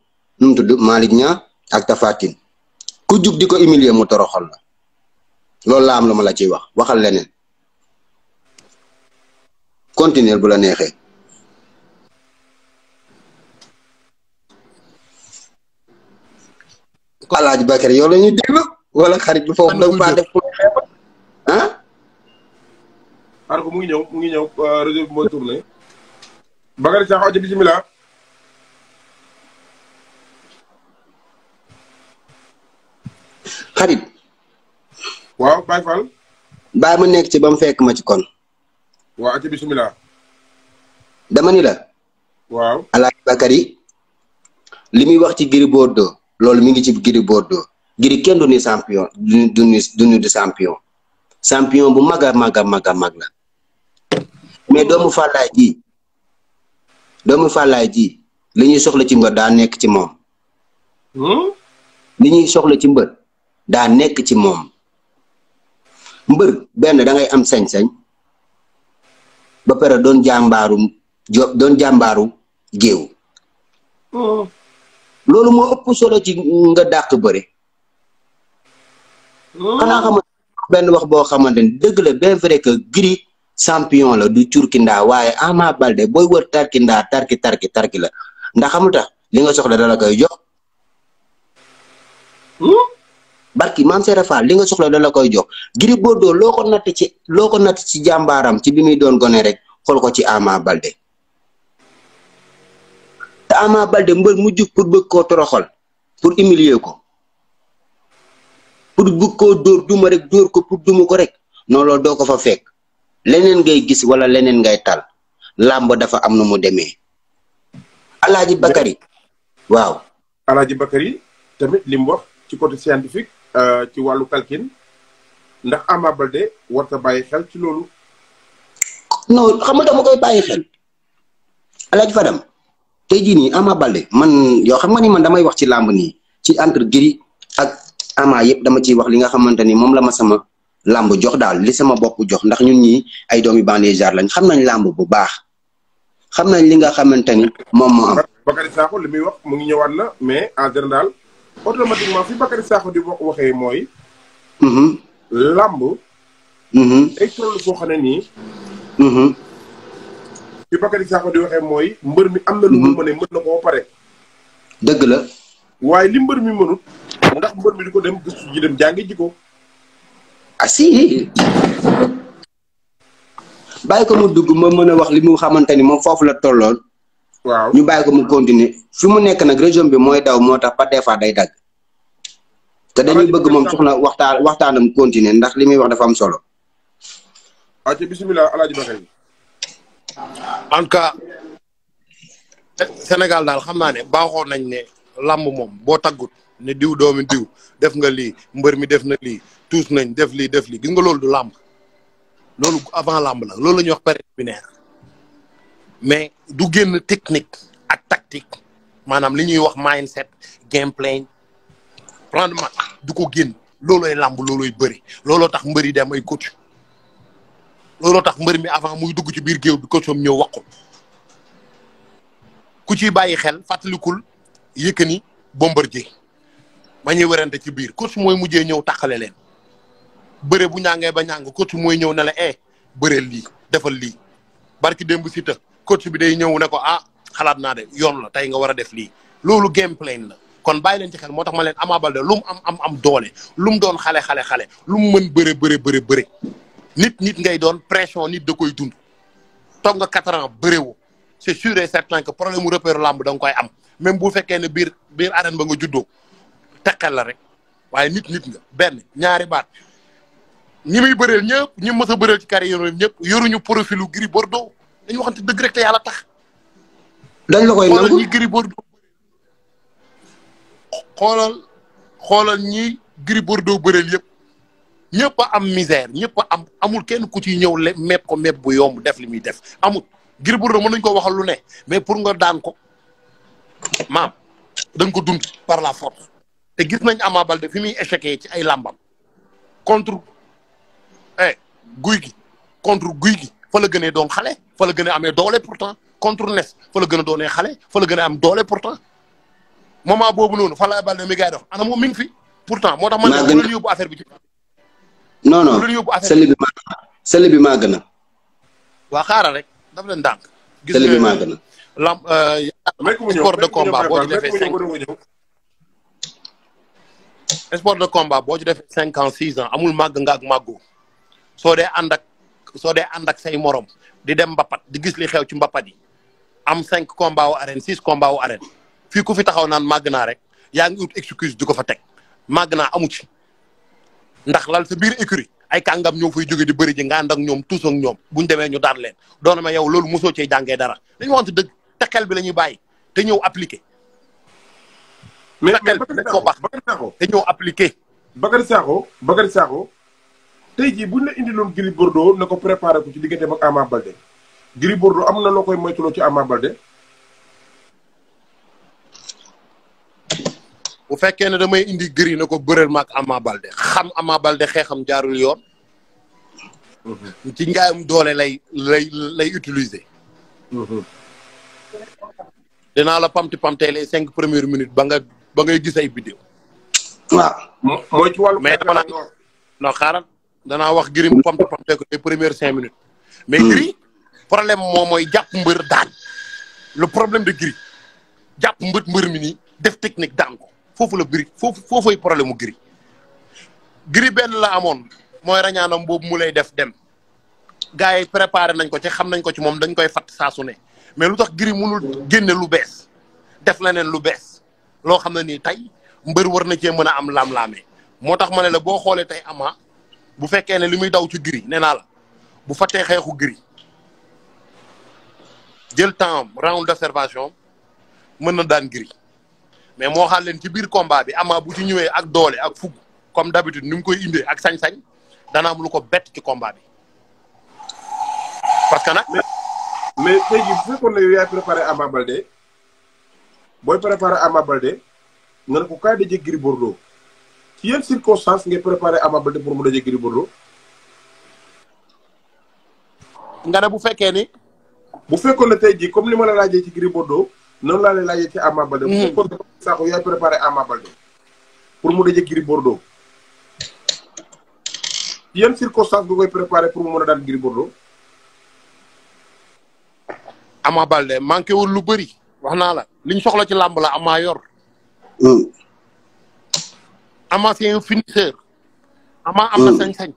Speaker 1: num tuddu malik nya ak tafatin ku juk di humilier mu toroxal la lool la am luma la ci wax waxal leneen continuer bu la Alaaji Bakary yow la ñuy déglu wala xarit bi foofu da nga def mu
Speaker 2: ngi ñëw mu ngi ñëw euh, réseau bi mooy tourné.
Speaker 1: xarit. waaw Baye Fall. bàyyi ma nekk ci ba mu fekk ma ci kon. waaw ci bisimilah. dama ni waaw Alaaji Bakary li muy wax ci Gris Bordeaux loolu mi ngi ci Gris Bordeaux Gris kenn du ni champion du du du du champion champion bu mag a mag a mag a mag la mais doomu Fallaye ji doomu Fallaye ji li ñuy soxla ci mbër daa nekk ci moom. Hmm? li ñuy soxla ci mbër daa nekk ci moom. mbër benn da ngay am sañ-sañ ba pare doon jàmbaaru jo doon jàmbaaru géew. Hmm. loolu moo ëpp solo ci nga dàq bëre. Oh. xanaa xamante benn wax boo xamante ni dëgg la bien vrai que Gris champion la du turkindaa waaye Ama Baldé booy wër tarkindaa tarki tarki tarki la ndax xamul tax li nga soxla dala koy jox. Hmm? barki maam Seera li nga soxla dala koy jox Gris Bordeaux loo ko natt ci loo ko natt ci jàmbaaram ci bi muy doon gone rek xol ko ci Ama Baldé. te Ama Balde mbër mu jug pour bëgg koo toroxal pour humilier ko pour bëgg ko dóor duma rek dóor ko pour duma ko rek non loolu doo ko fa fekk leneen ngay gis wala leneen ngay tal làmb dafa am na mu demee Alaaji Bakari waaw
Speaker 2: Alaaji Bakari tamit li mu wax ci côté scientifique euh, ci wàllu calcul ndax Ama
Speaker 1: Balde warta bàyyi xel ci loolu non xam nga dama koy bàyyi xel Alaaji Fadam tey ni Ama balé man yo xam nga ni man damay wax ci lamb ni ci entre Gris ak Ama yeb dama ci wax li nga xamanteni mom la ma sama lamb jox dal li sama bokku jox ndax ñun ñi ay doomi jar lañ xam nañ làmb bu baax xam nañ li nga xamanteni mom mo am.
Speaker 2: bakari Sakho limi wax mu ngi ñëwaat na mais en général automatiquement fi bakari Sakho di wax moy hmm lamb hmm ay tool boo xam ni hmm li Bakary Sakho di waxee mooy mbër mi am na lu mu mhm. mëne mën na ko ba pare dëgg la waaye li mbër mi mënut ndax mbër mi di ko dem gëstu ji dem jàngi ji ko ah si
Speaker 1: bàyyi ko mu dugg ma mën a wax li mu xamante ni moom foofu la tolloon waaw ñu bàyyi ko mu continuer fi mu nekk nag région bi mooy daw moo tax des fois day dagg te dañuy bëgg moom soxna waxtaan waxtaanam continuer ndax li wax dafa am solo.
Speaker 2: waaw ci bisimilah alaaji Bakary
Speaker 1: en tout cas
Speaker 3: daal xam naa ne baaxoo nañ ne làmb moom boo taggut ne diw doomi diw def nga lii mbër mi def na lii tuus nañ def li def lii gis nga loolu du làmb loolu avant làmb la loolu la ñuy wax préliminaire mais du génn technique ak tactique maanaam li ñuy wax mindset game plan plan de match du ko génn looloy làmb looloy bëri looloo tax mbëri dem ay coach looloo tax mbër mi avant muy dugg ci biir géew bi coach am ñëw wax ko ku ciy bàyyi xel fàttalikul Yékini Bombardier ma ñuy werante ci biir coach mooy mujjee ñëw taxale leen bëre bu ñaangee ba ñàng coach mooy ñëw na la eh bëreel lii defal lii barki démb si ta coach bi day ñëw ne ko ah xalaat naa de yoon la tey nga war a def lii loolu game plan la kon bàyyi leen ci xel moo tax ma leen Ama Baldé lu mu am am am doole lum doon xale xale xale lu mu mën bëre bëre bëre bëre nit nit ngay doon pression nit da koy dund tok nga 4 ans beureu c'est sûr et certain que problème mu repère lamb dang koy am même bu fekkee ne bir bir arène ba nga juddo takal la rek waye nit nit nga ben ñaari baat ñi muy beureul ñepp ñi mësa beureul ci carrière ñepp ñëpp yoruñu profilu Gris Bordeaux dañu waxante deug rek te yalla tax. dañ la koy nangu ñi Gris Bordeaux. xolal xolal ñi Gris Bordeaux beureul yépp ñëpp am misère ñëpp am amul kenn ku ci ñëw le ko mépp bu yomb def li muy def amul Gris Bordeaux mën nañ ko waxal lu ne mais pour nga daan ko maam dañ ko dun par la force te gis nañ Ama Baldé fi muy échecé ci ay làmbam contre eh guy gi contre guy gi fa la e doon xale fa la gën a amee doole pourtant contre nes fa gën a doonee xale fa gën a am doole pourtant moment boobu noonu fa la Baldé mi gaay dox ana fi pourtant moo tax man la yóbbu bi ci
Speaker 1: non non sëli bi maa sëli bi
Speaker 3: rek daf leen dànk. gis nga euh, sëli sport de combat boo ci defee cinq sport de six ans amul màgg nga ak soo dee ànd ak soo dee ànd ak say morom di dem mbapat di gis li xew ci mbapat yi am cinq combat wu arène six combat wu arène fii ku fi taxaw naan màgg naa rek yaa ngi ut excuse di ko fa teg màgg naa amu ci. ndax lal sa biir écurie ay kàngam ñoo fay jóge di bëri ji nga ànd ak ñoom tous ak ñoom buñ demee ñu daan leen doona ma yow loolu mosoo cee jàngee dara dañu waxante dëgg te bi la ñuy bàyyi te ñëw appliqué mais xel
Speaker 2: dañ ko bax te ñëw appliquer Bakary saxo Bakary saxo tey jii buñ la indiloon Gris Bordeaux na ko préparé ko ci diggante ak Bordeaux am na loo koy moytuloo ci Ama
Speaker 3: bu fekkee ne damay indi gëri na ko bëreel maag Ama Balde xam Ama Balde xeexam jaarul yoon. ci njaayam doole lay lay lay utiliser. dinaa la pamti pamtee les cinq premières minutes ba nga ba ngay gis ay vidéo waaw mooy ci wàllu. mais dama non xaaral danaa wax gëri mu pamti pamtee ko les premières cinq minutes. mais gëri problème moom mooy jàpp mbër daan. le problème de gëri jàpp mbët mbër mi nii def technique daan foofu la Gris foofu foofay problème mu Gris benn la amoon mooy rañaanam boobu mu lay def dem gars yi préparé nañ ko ci xam nañ ko ci moom dañ koy fat saa ne mais lu tax Gris mënul génne lu bees def leneen lu bees loo xam ne nii tey mbër war na cee mën a am laam-laamee moo tax ma ne la boo xoolee tey ama bu fekkee ne li muy daw ci giri nee naa la bu fattee xeexu Gris jël temps round d'observation mën na daan Gris mais moo xaal leen ci biir combat bi amaa bu ci ñëwee ak doole ak fugg comme d'habitude ni mu koy indee ak sañ-sañ dana am lu ko
Speaker 2: bett ci combat bi parce que nag. mais tey jii bu fekkoon ne yaay préparé Ama Baldé booy préparé Ama Baldé nga ne ko kaay dajee Gris Bordeaux ci yenn circonstance ngay préparé Ama Baldé pour mu dajee Gris Bordeaux. nga ne bu fekkee ni. bu fekkoon ne tey jii comme ni ma la laajee ci Gris Bordeaux noonu laa lay laajee ci mm-hmm. Ama Baldé. pour mu daje Gris Bordeaux. yan circonstance nga koy préparé pour mu mën a daan Gris Bordeaux. Ama
Speaker 3: Baldé manqué lu bari wax naa la liñ soxla ci làmb la Ama yor. Mm. Ama c'est un finisseur. Ama am na mm. sañ-sañ.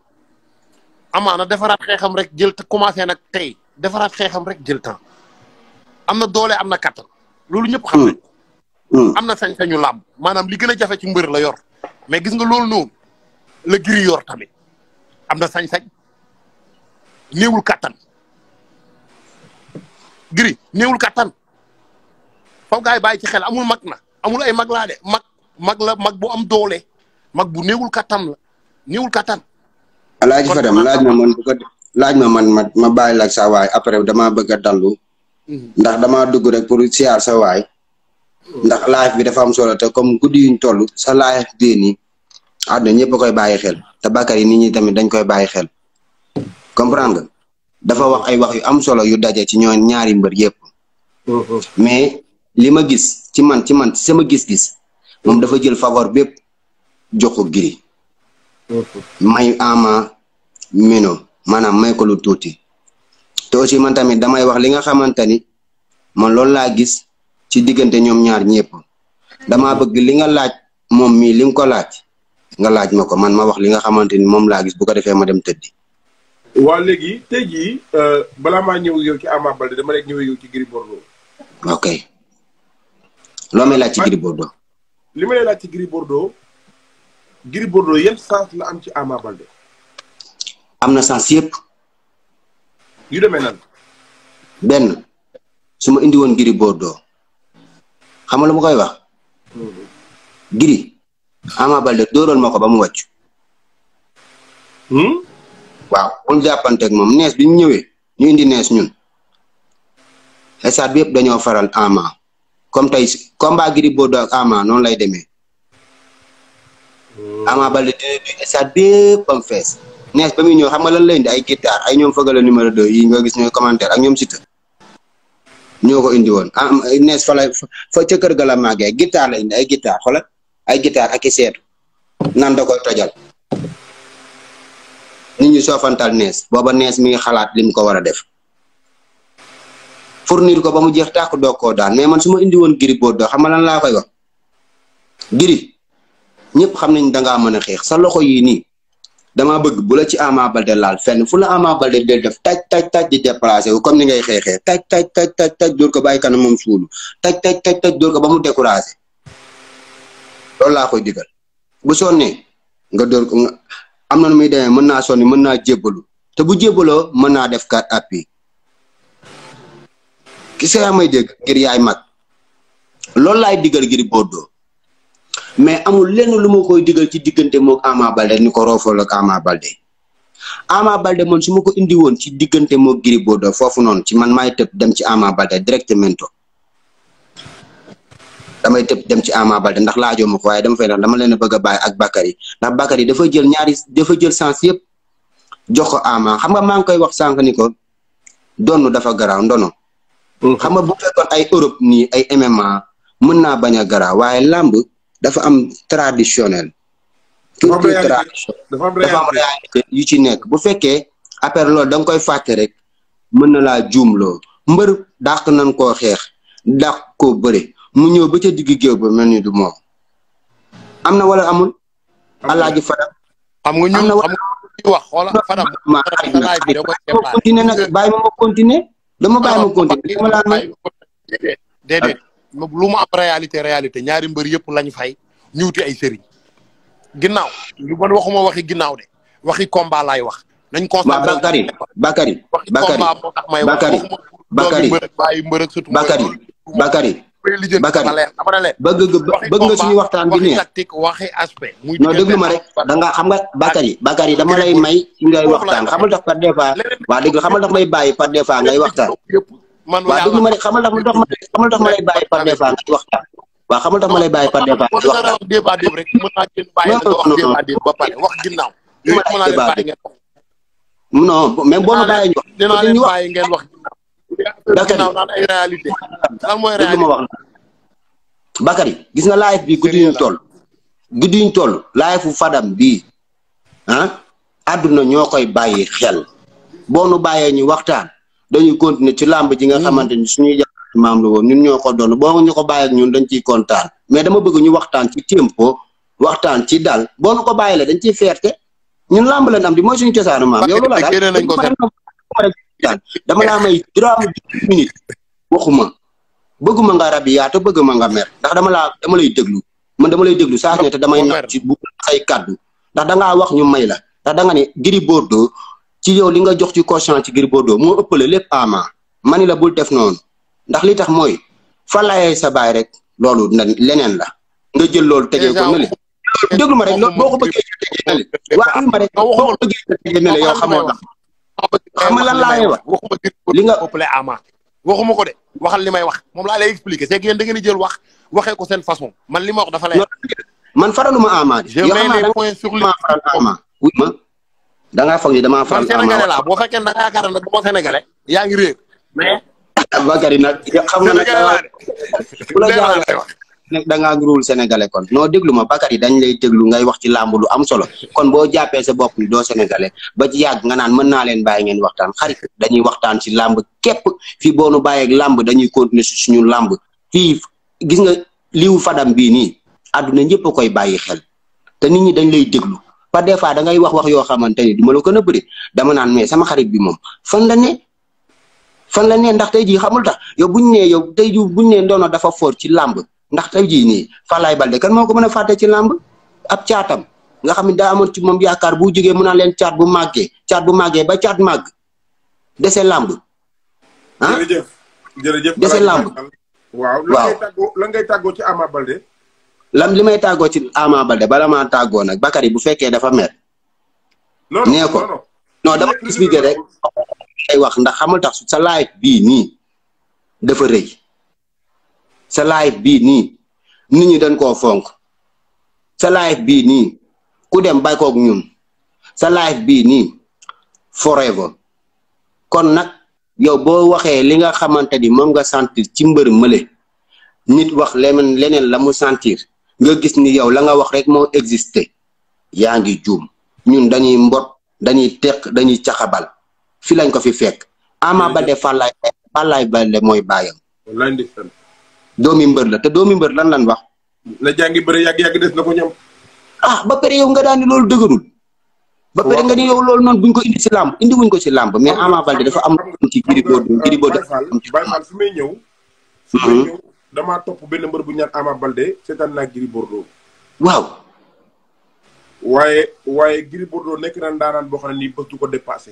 Speaker 3: amaa na defaraat xeexam rek jël te commencé nag tey defaraat xeexam rek jël temps am na doole am na kattan loolu ñëpp xam nañ hmm. hmm. am na sañ-sañu làmb maanaam li gën a jafe ci mbër la yor mais gis nga loolu noonu la giri yor tamit am na sañ-sañ néewul kàttan giri néewul kàttan faw gaay bàyyi ci xel amul mag na amul ay mag laa de mag mag la mag bu am doole mag bu newul kàttan la néewul kàttan
Speaker 1: laaj fa dem laaj ma man laaj ma man ma ma bàyyi la ak saa waay après damaa bëgg a dallu ndax dama dugg rek pour siyaar sa way ndax live bi dafa am solo te comme guddi yuñ tollu sa life bii ni adna ñepp koy bayyi xel te bakkar yi nit ñi tamit dañ koy bayyi xel comprendre dafa wax ay wax yu am solo yu daje ci ñoo ñaari mbeur yépp mais lima gis ci man ci man sama gis-gis mom dafa jël favor bép jox giri may ama mino manam may ko lu tuti te aussi man tamit damay wax li nga xamante ni man loolu laa gis ci diggante ñoom ñaar ñëpp dama bëgg li nga laaj moom mii li nga ko laaj nga laaj ma ko man ma wax li nga xamante ni moom laa gis bu ko defee ma dem tëddi.
Speaker 2: waa léegi tey jii euh, bala maa ñëw yow ci Ama Baldé dama lay ñëw yow ci Gris Bordeaux.
Speaker 1: ok loo may laaj ci
Speaker 2: Gris Bordeaux. li may laaj ci Gris Bordeaux. Gris Bordeaux la am ci Ama Baldé.
Speaker 1: am na sens yëpp. yu demee nan. benn su ma indi woon Gris Bordeaux xam nga lu ma koy wax. Gris Ama Baldé dóoral ma ko ba mu wàcc. Hmm? waaw bu ñu jàppanteeg moom nees bi ñu ñëwee ñu indi nees ñun. stade bi yëpp dañoo faral Ama comme tey combat Gris Bordeaux ak Ama noonu lay demee. Hmm. Ama Baldé dina stade bi yëpp fees. nees ba muy ñëw xam nga lan lañ di ay guitar ay ñoom fëgala numéro 2 yi nga gis ñooy commentaire ak ñoom site ñoko indi won am nees fa la fa ci kër ga la màggee guitare la indi ay guitare xoolal ay guitar ak set nan da koy tojal nit ñi sofantal nees booba nees mi xalaat lim ko wara def fournir ko ba mu jeex tak do ko daan mais man suma indi won giri bo do xam lan la koy wax giri ñepp xam nañ da nga mëna xex sa loxo yi ni dama bëgg bu la ci Ama de laal fenn fu la Ama Baldé de def taj taj taj di déplacer wu comme ni ngay xeexee taj taj taj taj taj dóor ko bàyyi kanam moom suulu taj taj taj taj dóor ko ba mu décourager loolu laa koy digal bu sonnee nga dóor ko am na nu muy demee mën naa sonni mën naa jébbalu te bu jébbaloo mën naa def kat appui ki sa may dégg ngir yaay mag loolu laay digal ngir Bordeaux mais amul lenn lu ma koy digal ci diggante moog Ama Balde ni ko roofal ak Ama Balde Ama Balde man su ma ko indi woon ci diggante moog Gris Bordeaux foofu noonu ci man maay tëb dem ci Ama Balde directement damay tëb dem ci Ama Balde ndax laajo ma ko waaye dama fay dama leen a bëgg a bàyyi ak Bakary ndax Bakary dafa jël ñaari dafa jël sens yëpp jox ko Ama xam nga maa ngi koy wax sànq ni ko donnu dafa garaaw ndono. Mm-hmm. xam nga bu fekkoon ay Europe nii ay MMA mën naa bañ a garaaw waaye làmb dafa am traditionnel. culture traditionnel yu ci nekk bu fekkee après loolu da koy fàtte rek mën na laa juumloo mbër dàq nañ ko xeex dàq ko bëre mu ñëw ba ca digg géew ba mel ni du moom am na wala amul. alaaji Fadam. xam nga ñun xam nga wax xoolal Fadam. ma continuer nag bàyyi ma ma continuer dama bàyyi ma continuer.
Speaker 3: déedéet lu mu am réalité réalité ñaari mbër yëpp lañ fay ñu wuti ay sëriñ ginnaaw lu man waxuma waxi ginnaaw de waxi combat laay wax.
Speaker 1: nañ constaté Bakary Bakary Bakary Bakary Bakary Bakary Bakary Bakary bëgg bëgg nga suñu waxtaan bi neex
Speaker 3: waxi aspect muy non déglu ma rek
Speaker 1: da nga xam nga Bakary Bakary dama lay may ci ngay waxtaan xamal tax par des fois waa dégg xamal tax may bàyyi par des fois ngay waxtaan man waaw dugg ma de xamal tax dox xamal tax ma lay par débat nga ci waxtaan waaw xamal tax ma lay par débat nga ci waxtaan wax débat
Speaker 3: débat rek mën naa gën bàyyi nga wax débat débat ba pare wax ginnaaw mën naa leen bàyyi ngeen wax
Speaker 1: non même boo ma bàyyi ñu wax dinaa leen bàyyi ngeen wax ay gis nga live bi guddi ñu toll guddi ñu toll live fadam ah? xel ñu waxtaan dañuy continuer ci lamb ji nga hmm. xamanteni suñu jàpp maam la woon ñun ñoo ko doon boo ñu ko bàyyi ak ñun dañ ciy kontaan mais dama bëgg ñu waxtaan ci tempo waxtaan ci dal boo ñu ko bàyyi la dañ ciy fierté ñun lamb la ndam di mooy suñu cosaanu maam yow la daal dama laa may trois minutes waxuma bëgguma nga rabi yaa te bëgguma nga mer ndax dama laa dama lay déglu man dama lay déglu saa ne te damay nax ci bu say kaddu ndax da ngaa wax ñu may la ndax da nga ne giri Bordeaux ci yow li nga jox ci conscience ci Gris Bordeaux moo ëppale lépp ama mani la bul def noonu ndax li tax mooy fa laayee sa baay rek loolu leneen la nga jël loolu te ko nële ma rek loolu boo ko bëggee tegee nële waaw ma rek boo ko bëggee tegee nële yow xamoo
Speaker 3: tax xam nga lan laay wax li nga ëppale ama waxuma ko de waxal li may wax moom laa lay expliquer c'est da ngeen jël wax waxee ko seen façon man li ma wax dafa lay
Speaker 1: man faraluma ama de yow
Speaker 3: ama faral
Speaker 1: ama ma da ngaa foog ni boo fekkee da ngaa yaakaar ne bu yaa ngi réer nag xam nga nag bu la jaaxal nag kon non déglu ma Bakary dañ lay déglu ngay wax ci làmb lu am solo kon boo jàppee sa bopp doo Sénégalais ba ci yàgg nga naan mën naa leen bàyyi ngeen waxtaan xarit dañuy waxtaan si làmb képp fii boo nu bàyyeeg làmb dañuy continuer si suñu làmb fii gis nga liwu fadam bii nii àdduna ñëpp koy bàyyi xel te nit ñi dañ lay déglu par des fois da ngay wax wax yoo xamante ni duma ma la ko nëbbali dama naan mais sama xarit bi moom fan la ne fan la ne ndax tey jii xamul ta yow buñ nee yow tey jii buñ nee ndono dafa foor ci làmb ndax tey jii nii Falaye Balde kan moo ko mën a fàtte ci làmb ab caatam nga xam ne daa amoon ci moom yaakaar bu jógee mën naa leen caat bu màggee caat bu màggee ba caat màgg dese làmb. ah dese làmb. waaw lan ngay tàggoo ci Ama Balde. lam li may tàggoo ci Ama Baldé bala maa tàggoo nag Bakary bu fekkee dafa mer. nee ko non dama expliqué rek ay wax ndax xamal tax sa live bii nii dafa rëy sa live bii nii nit ñi dañ koo fonk sa live bii nii ku dem bay koog ñun sa bi bii nii forever kon nag yow boo waxee li nga xamante ni moom nga sentir ci mbër mële nit wax leneen leneen la mu sentir nga gis ni yow la nga wax rek moo existé yaa ngi juum ñun dañuy mbot dañuy tek dañuy caxabal fi lañ ko fi fekk ama ba de fàllaay fàllaay ba le moy bayam domi mbeur la te domi mbeur lan lan wax na jangi beure yag yag def nako ñam ah ba pere yow nga daani lolou dëgërul ba pere nga ni yow lolou non buñ ko indi ci lamb indi wuñ ko ci lamb mais ama balde dafa am ci giri bo giri dafa am ci bay fall
Speaker 2: fumay ñew dama top benn mbeur bu ñaan Ama Balde seetaan naa Gris Bordeaux. waaw. waaye waaye Gris Bordeaux nekk na ndaanaan boo xam ne nii bés ko dépassé.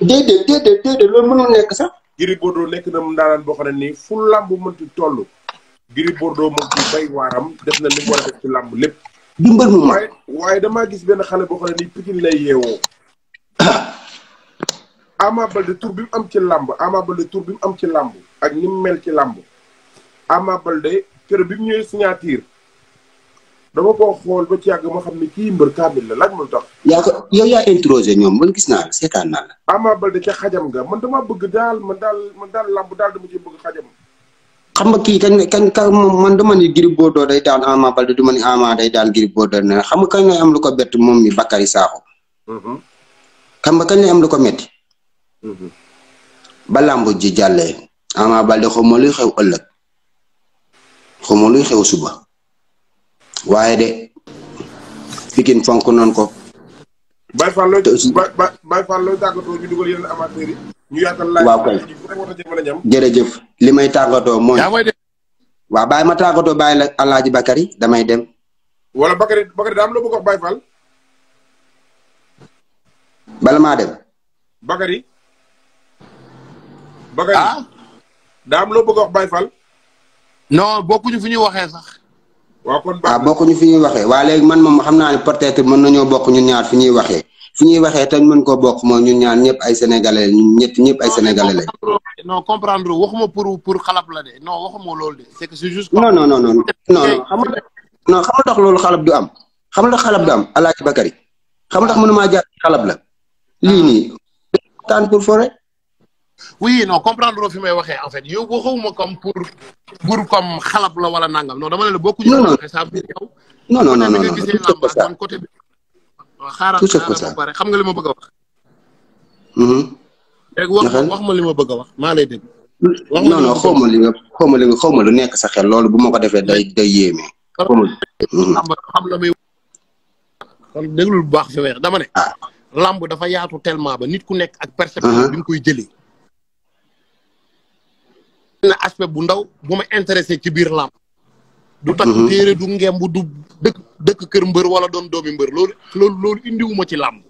Speaker 2: déedéet déedéet déedéet loolu mënul nekk sax. Giri Bordeaux nekk na ndaanaan boo xam ne nii fu làmb mënti toll. Gris Bordeaux moom ci bay waaram def na li mu war a def ci lamb lépp.
Speaker 1: du mbeur mu waaye
Speaker 2: waaye dama gis benn xale boo xam ne nii lay yeewoo. Ama Balde tour bi mu am ci lamb Ama Balde tour bi mu am ci lamb ak ni mu mel ci lamb Ama Baldé kër bi mu ñëwee signature dama koo xool ba ci yàgg moo xam ne kii mbër kaamil la laaj ma lu tax.
Speaker 1: yaa ko yaa introsé ñoom man gis naa la seetaan naa la.
Speaker 2: Ama Baldé ca xajam nga man dama bëgg daal man daal man daal dama ciy bëgg xajam.
Speaker 1: xam nga kii kañ kañ kañ man dama ni Gris Bordeaux day daan Ama Baldé du ma ni Ama day daan Gris Bordeaux ne xam nga kañ lay am lu ko bett moom mi Bakary Sakho. Mhm. xam nga kañ lay am lu ko metti mhm. ba làmb ji jàllee Ama Baldé xaw xew ëllëg. xawma luy xew suba waaye de Pikine fonk noonu ko. Baye Fall looy Baye Fall
Speaker 2: ñu dugal yeneen amateurs yi. ñu yaatal laaj
Speaker 1: li may tàggatoo mooy. waaw bàyyi ma tàggatoo bàyyi la Alaaji damay dem. wala
Speaker 2: Bakary Bakary daa am la bëgg
Speaker 1: wax dem.
Speaker 2: Bakary. Bakary ah. loo bëgg wax Baye
Speaker 1: non bokkuñu fi ñuy waxee sax. a kon waaw ah, bokkuñu fi ñuy waxee waa léegi man moom xam naa ne peut-être mën nañoo bokk ñun ñaar fi ñuy waxee fi ñuy waxee te mën koo bokk mooy ñun ñaar ñëpp ay sénégalais la ñun ay sénégalais no
Speaker 3: non comprendre waxuma pour pour xalab la no non
Speaker 1: waxuma loolu de c'est que c'est juste. non non xam nga non loolu xalab du am xam nga xalab du am alaaji Bakary xam nga tax a jàpp xalab la lii nii. tànn pour forêt
Speaker 3: oui non comprendre loo fi may waxee en fait yow waxuma comme pour pour comme xalab la wala nangam non dama ne la bokkuñu. non non non non non non non tout à fait ça côté bi. xam nga li ma bëgg a wax. Mm-hmm. léegi wax wax ma li ma bëgg a wax maa lay dégg.
Speaker 1: wax non non xaw ma li nga xaw ma li nga xaw ma lu nekk sa xel bu ma ko defee day day yéeme. xaw ma xam
Speaker 3: la muy. kon déglul bu baax fi may wax dama ne. Ah. lamb dafa yaatu tellement ba nit ku nekk ak perception mm-hmm. bi mu koy jëlee. na aspect bu ndaw bu ma intéressé ci biir làmb du takk mhm. téere du ngemb du dëkk dëkk kër mbër wala doon doomi mbër loolu loolu loolu indiwuma ci làmb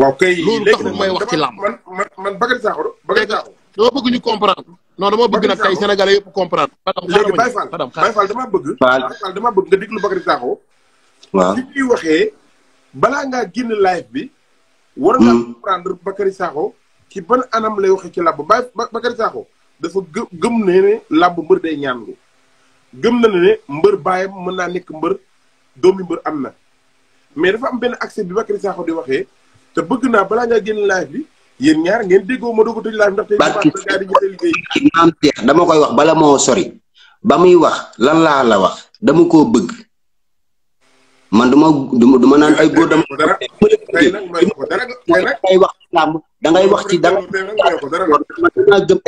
Speaker 3: waaw kay loolu taxul
Speaker 2: may wax ci làmb man man man Bakary Sakho Bakary Sakho dama bëgg ñu comprendre non dama bëgg nag tey sénégalais yëpp comprendre léegi Baye Fall Baye Fall bëgg Baye Fall dama bëgg nga déglu Bakary Sakho waaw balaa ngaa génn live bi war nga mhm. comprendre Bakary Sakho ci ban anam lay waxee ci làmb Baye Bakary Sakho dafa gëm ne ne làmb mbeur day ñaanlu gëm na ne mbeur bayam mën na nek mbeur domi mbeur amna mais dafa am ben accès bi bakari saxo di waxe te bëgg na bala nga gën
Speaker 1: live bi yeen ñaar ngeen déggo ma doog a live ndax dama koy wax bala mo sori bamuy wax lan la la wax dama ko bëgg man du ma du ay góor dama wax wax ci dara gëm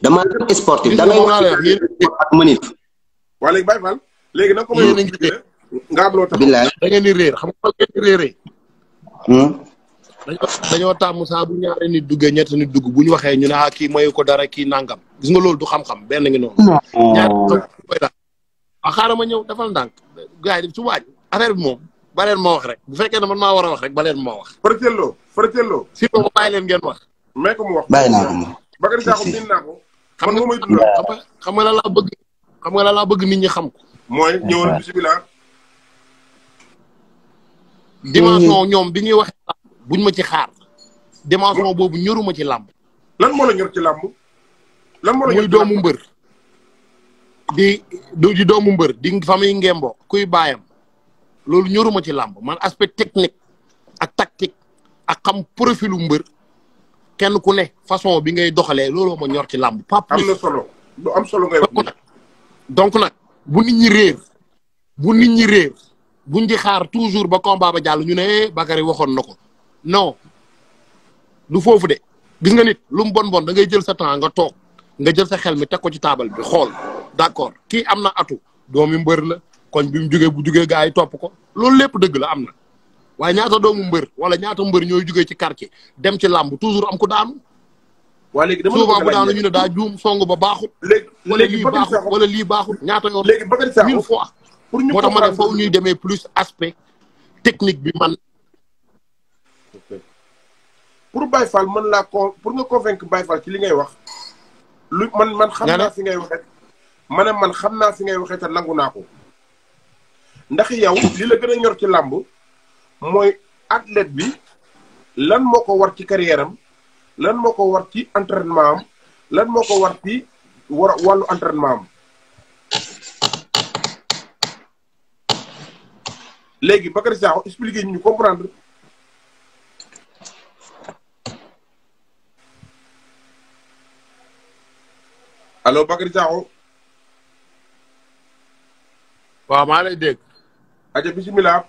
Speaker 1: dama dem sportif da ngay wax ak
Speaker 2: wa leg bay fal legi nako may nga am lo tax da ngeen di reer xam nga ngeen di
Speaker 1: hmm
Speaker 3: dañoo tàmm saa bu ñaari nit duggee ñett nit dugg bu ñu ñu ne ah mayu ko dara kii nangam gis nga loolu du xam-xam benn ngi
Speaker 2: noonu ñaar
Speaker 3: koy ah, ma ñëw defal waaj affaire bi wax rek bu man wax rek wax si ngeen wax mais ko mu wax Bakary Sakho bind naa ko. xam nga may
Speaker 1: dundal
Speaker 3: xam nga ah. la laa bëgg xam nga la laa bëgg nit ñi xam ko. mooy ñëwal bisimilah. dimension ñoom bi ñuy wax buñ ma ci xaar. dimension boobu ñoruma ci làmb. lan moo la ñor ci lan la ñor doomu di di doomu mbër di famille ngembo kuy baayam loolu ñoruma ci làmb man aspect technique ak tactique ak xam profilu kenn ku ne façon bi ngay doxalee looloo ma ñor ci làmb pap am na solo lu am solo ngay wax donc nag bu nit ñi réer bu nit ñi réer buñ di xaar toujours ba combat ba jàll ñu ne eh, Bakary waxoon na ko non du foofu de gis nga nit lu mu bon bon da ngay jël sa temps nga toog nga jël sa xel mi teg ko ci table bi xool d'accord kii am na atu doomi mbër la koñ bi mu jugee bu jugee gaa yi topp ko loolu lépp dëgg la am na waaye ñaata doomu mbër wala ñaata mbër ñooy jugee ci quartier dem ci làmb toujours am ko daanu. waa léegi dama souvent bu daanu ñu ne daa juum song ba baaxut. léegi wala lii baaxut wala lii baaxut ñaata yoon. léegi mille fois.
Speaker 2: pour ñu moo tax ma ne foofu ñuy demee plus aspect technique bi man. pour Baye Fall mën laa ko pour nga ko fenk bay Fall ci li ngay wax. lu man man xam naa fi ngay waxee. ma man xam naa fi ngay waxee te nangu naa ko. ndax yow li la gën a ñor ci làmb. mooy athlète bi lan moo ko war ci carrière lan moo ko war ci entrainement am lan moo ko war ci war wàllu entraînement am léegi Bakary Sakho expliqué ñu ñu comprendre allo Bakary Sakho waaw maa lay dégg aja bismillah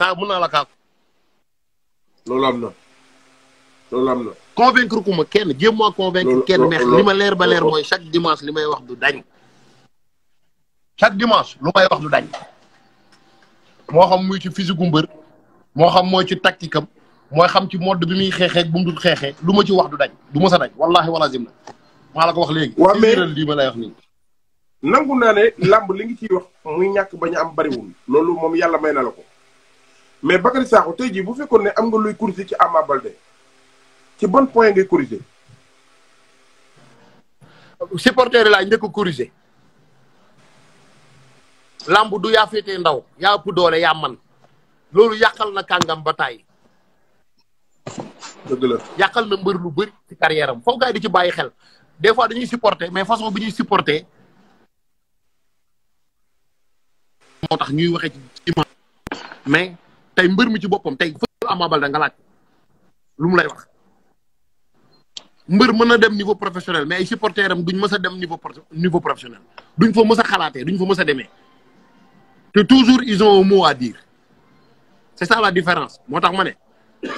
Speaker 3: ça muna naa la kaa. loolu am na loolu convaincre ku ma kenn jéem moo convaincre kenn mais li ma leer ba leer mooy chaque dimanche li may wax du dañ. chaque dimanche lu may wax du dañ. moo xam muy ci physique gu mbër xam mooy ci tactique am xam ci mode bi muy xeexee bu mu dul xeexee lu ma ci wax du dañ du ma sa dañ wallaahi wala zim na la ko
Speaker 2: wax léegi. waaw mais ma lay wax nangu na ne lamb li ngi ci wax muy ñak baña a bari bariwul. loolu mom yalla may na lako mais bakari Sakho tey jii bu fekkone ne am nga luy corriger ci Ama balde ci bon point ngay corriger. supporter la laay njëkk corriger. lamb du
Speaker 3: ya fété ndaw ya ëpp doole ya man lolu yakal na kangam ba Yakal dëgg la na mbeur lu bëri ci carrière am foog gars di ci bàyyi xel des fois dañuy supporter mais façon bi ñuy supporter. motax ñuy waxe ci mais. tey mbër mi ci boppam tey fël Ama Baldé nga laaj lu mu lay wax mbër mën a dem niveau professionnel mais ay supporters am duñ mës a dem niveau niveau professionnel duñ fa mës a xalaatee duñ fa mës a demee te toujours ils ont un mot c'est ça la différence moo tax ma ne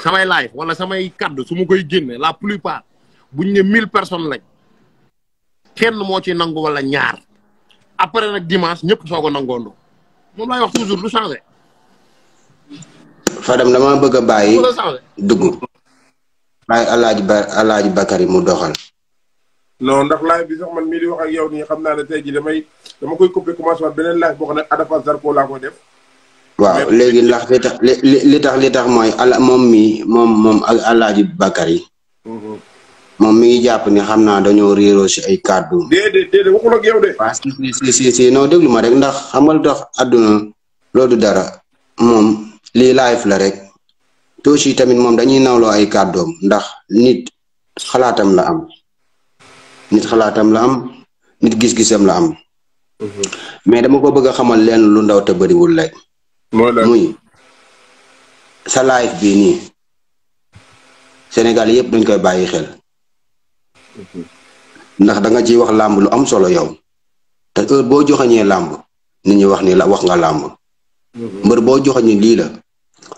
Speaker 3: samay live wala samay kaddu su ma koy génne la plupart buñ ne mille personnes lañ kenn moo ci nangu wala ñaar après nag dimanche ñëpp soo ko nangoondoo moom laay wax toujours du changé
Speaker 1: Fadam dama bëgg a bàyyi dugg bàyyi alaaji ba alaaji Bakari mu doxal non ndax
Speaker 2: live bi sax man mii di wax ak yow nii xam naa ne tey jii damay dama koy coupé commencé ne Adama Zarko laa koy def
Speaker 1: waaw léegi ndax tax li tax li tax mooy ala moom mii moom moom ak alaaji Bakari mhm. moom mi ngi jàpp ni xam naa dañoo réeroo si ay kàddu. déedéet déedéet waxul ak yow si si si si non ma rek ndax xam nga lu tax loolu dara moom. lii live la rek Toshi tamit moom dañuy nawloo ay kàddoom ndax nit xalaatam la nit xalaatam la am nit gis-gisam la am. Mhm. mais dama ko bëgg a xamal leen lu ndaw te bëriwul lay muy sa live bii nii Sénégal yëpp dañ koy bàyyi xel. Mhm. ndax da nga ciy wax làmb lu am solo yow te heure boo joxañee làmb nit ñi wax ni la wax nga làmb. mbër boo joxoon ni lii la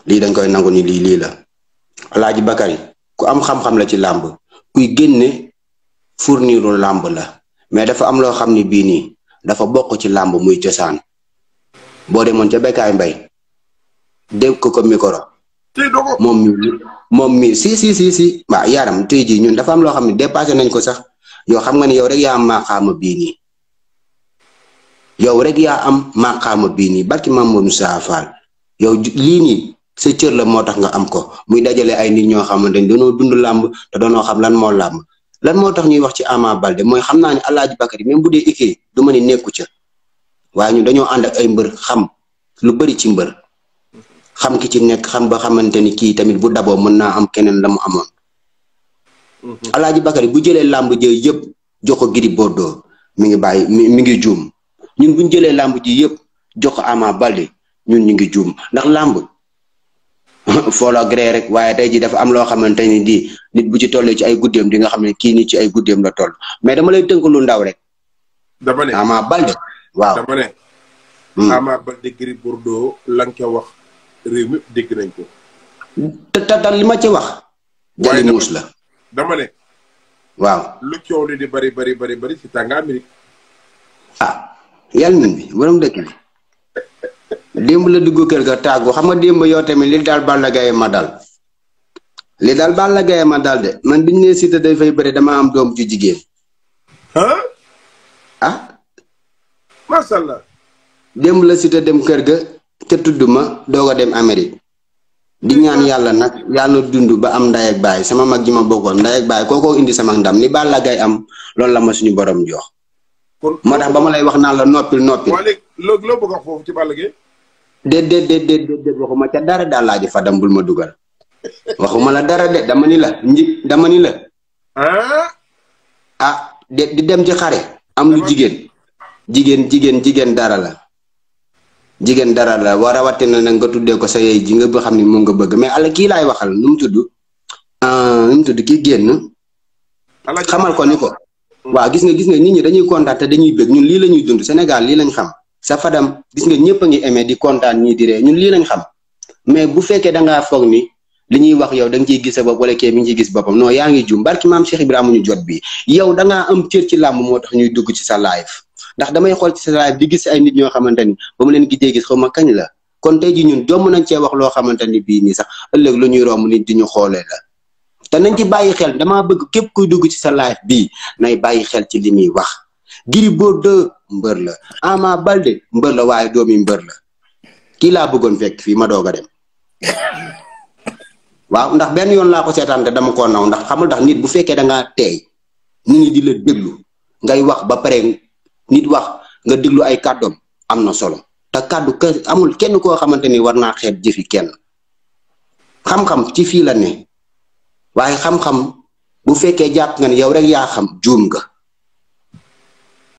Speaker 1: lii dañ koy nangu ni lii lii la alaaji Bakari ku am xam-xam la ci làmb kuy génne fourniru làmb la mais dafa am loo xam ni bii nii dafa bokk ci làmb muy cosaan boo demoon ca Bécaye Mbaye dégg ko ko micro moom mi moom mi si si si si waaw yaaram tey jii ñun dafa am loo xam ne dépassé nañ ko sax yoo xam nga ne yow rek yaa am maaxaama bii nii yow rek yaa am maqaama bii nii barki Mamadou Moussa Fall yow lii nii sa la moo tax nga am ko muy dajale ay nit ñoo xamante ni dañoo dund làmb te doonoo xam lan moo làmb lan moo tax ñuy wax ci Ama Balde mooy xam naa ni El Hadj Bakary bu dee ikkee du ma nekku ca waaye ñu dañoo ànd ay mbër xam lu bëri ci mbër xam ki ci nekk xam ba xamante ni kii tamit bu daboo mën naa am keneen la mu amoon. El mm-hmm. Hadj Bakary bu jëlee làmb jëy yëpp jox ko Gris Bordeaux mi ngi bàyyi mi ngi juum. ñun bu ñu jëlee làmb ji yépp jox ko Ama Baldé ñu ngi juum ndax làmb foolo agré rek waaye tey ji dafa am loo xamante ni di nit bu ci tollee ci ay guddeem di nga xam ne kii ni ci ay guddeem la toll mais dama lay tënk lu ndaw rek. dama ne Ama Baldé waaw dama hmm. Ama Baldé
Speaker 2: Gris Bordeaux la nga wax réew mi dégg nañ ko. te li ma ci wax. waaye dama muus la dama waaw lu coow li bari bari bari
Speaker 1: bari si tànga yal min bi borom Diem bi dugu la duggu kër ga tagu xam nga démb yo tamit li bal Balla gay ma dal li daal Balla gay ma dal de man biñ ne cité day fay bëre dama am dom ju jigéen. ah. sha allah. démb la cité dem kër ga te tudd doga dem Amérique. di ñaan yalla nak yalla dundu ba am nday ak bay sama mag ji ma bokkoon nday ak bay koko indi sama ndam ni Balla gay am lool la ma suñu borom jox kon moo tax ba lay wax na la nopi nopi wa leg lo lo bëgg a wax foofu ci de de de de de waxuma ca dara daal laa fa fadam bul ma duggal waxuma la dara de dama ni la dama ni la. ah de di dem ci xare. am lu jigen jigen jigen Jigen dara la. jigen dara la wa rawatina na nga tuddé ko sa yey ji nga xam xamni mo nga bëgg mais ala ki lay waxal num tuddu tudd ah, num tuddu ki genn xamal ko niko waaw gis nga gis nga nit ñi dañuy kontaan dañuy bëgg ñun lii la ñuy dund Sénégal lii lañ xam sa fadam gis nga ñëpp a ngi aimé di kontaan ñii di ree ñun lii lañ xam mais bu fekkee da ngaa foog ni li ñuy wax yow da ciy gis sa bopp mi ngi ciy gis boppam non yaa ngi jum barki maam Cheikh Ibrahima ñu jot bi yow da am cër ci làmb moo tax ñuy dugg ci sa live ndax damay xool ci sa live di gis ay nit ñoo xamante ni ba mu leen gisee gis xaw ma kañ la kon te ji ñun doom nañ cee wax loo xamante ni bii nii sax ëllëg lu ñuy romb nit di ñu xoolee la té nañ ci bayyi xel dama bëgg képp kuy dugg ci sa life bi nay bayyi xel ci limi wax giri Gris de mbeur la Ama Balde mbeur la waaye doomi mbeur la ki la bëggon fekk fi ma doga dem waaw ndax ben yoon la ko seetaan dama ko naw ndax xamul ndax nit bu fekkee da nga teey nit ñi di la déglu ngay wax ba paré nit wax nga déglu ay amna solo ta amul kenn ko xamanteni warna war naa kam jëfi kenn xam-xam ci fi la ne waaye xam-xam bu fekkee jàpp nga ne yow rek yaa xam juum nga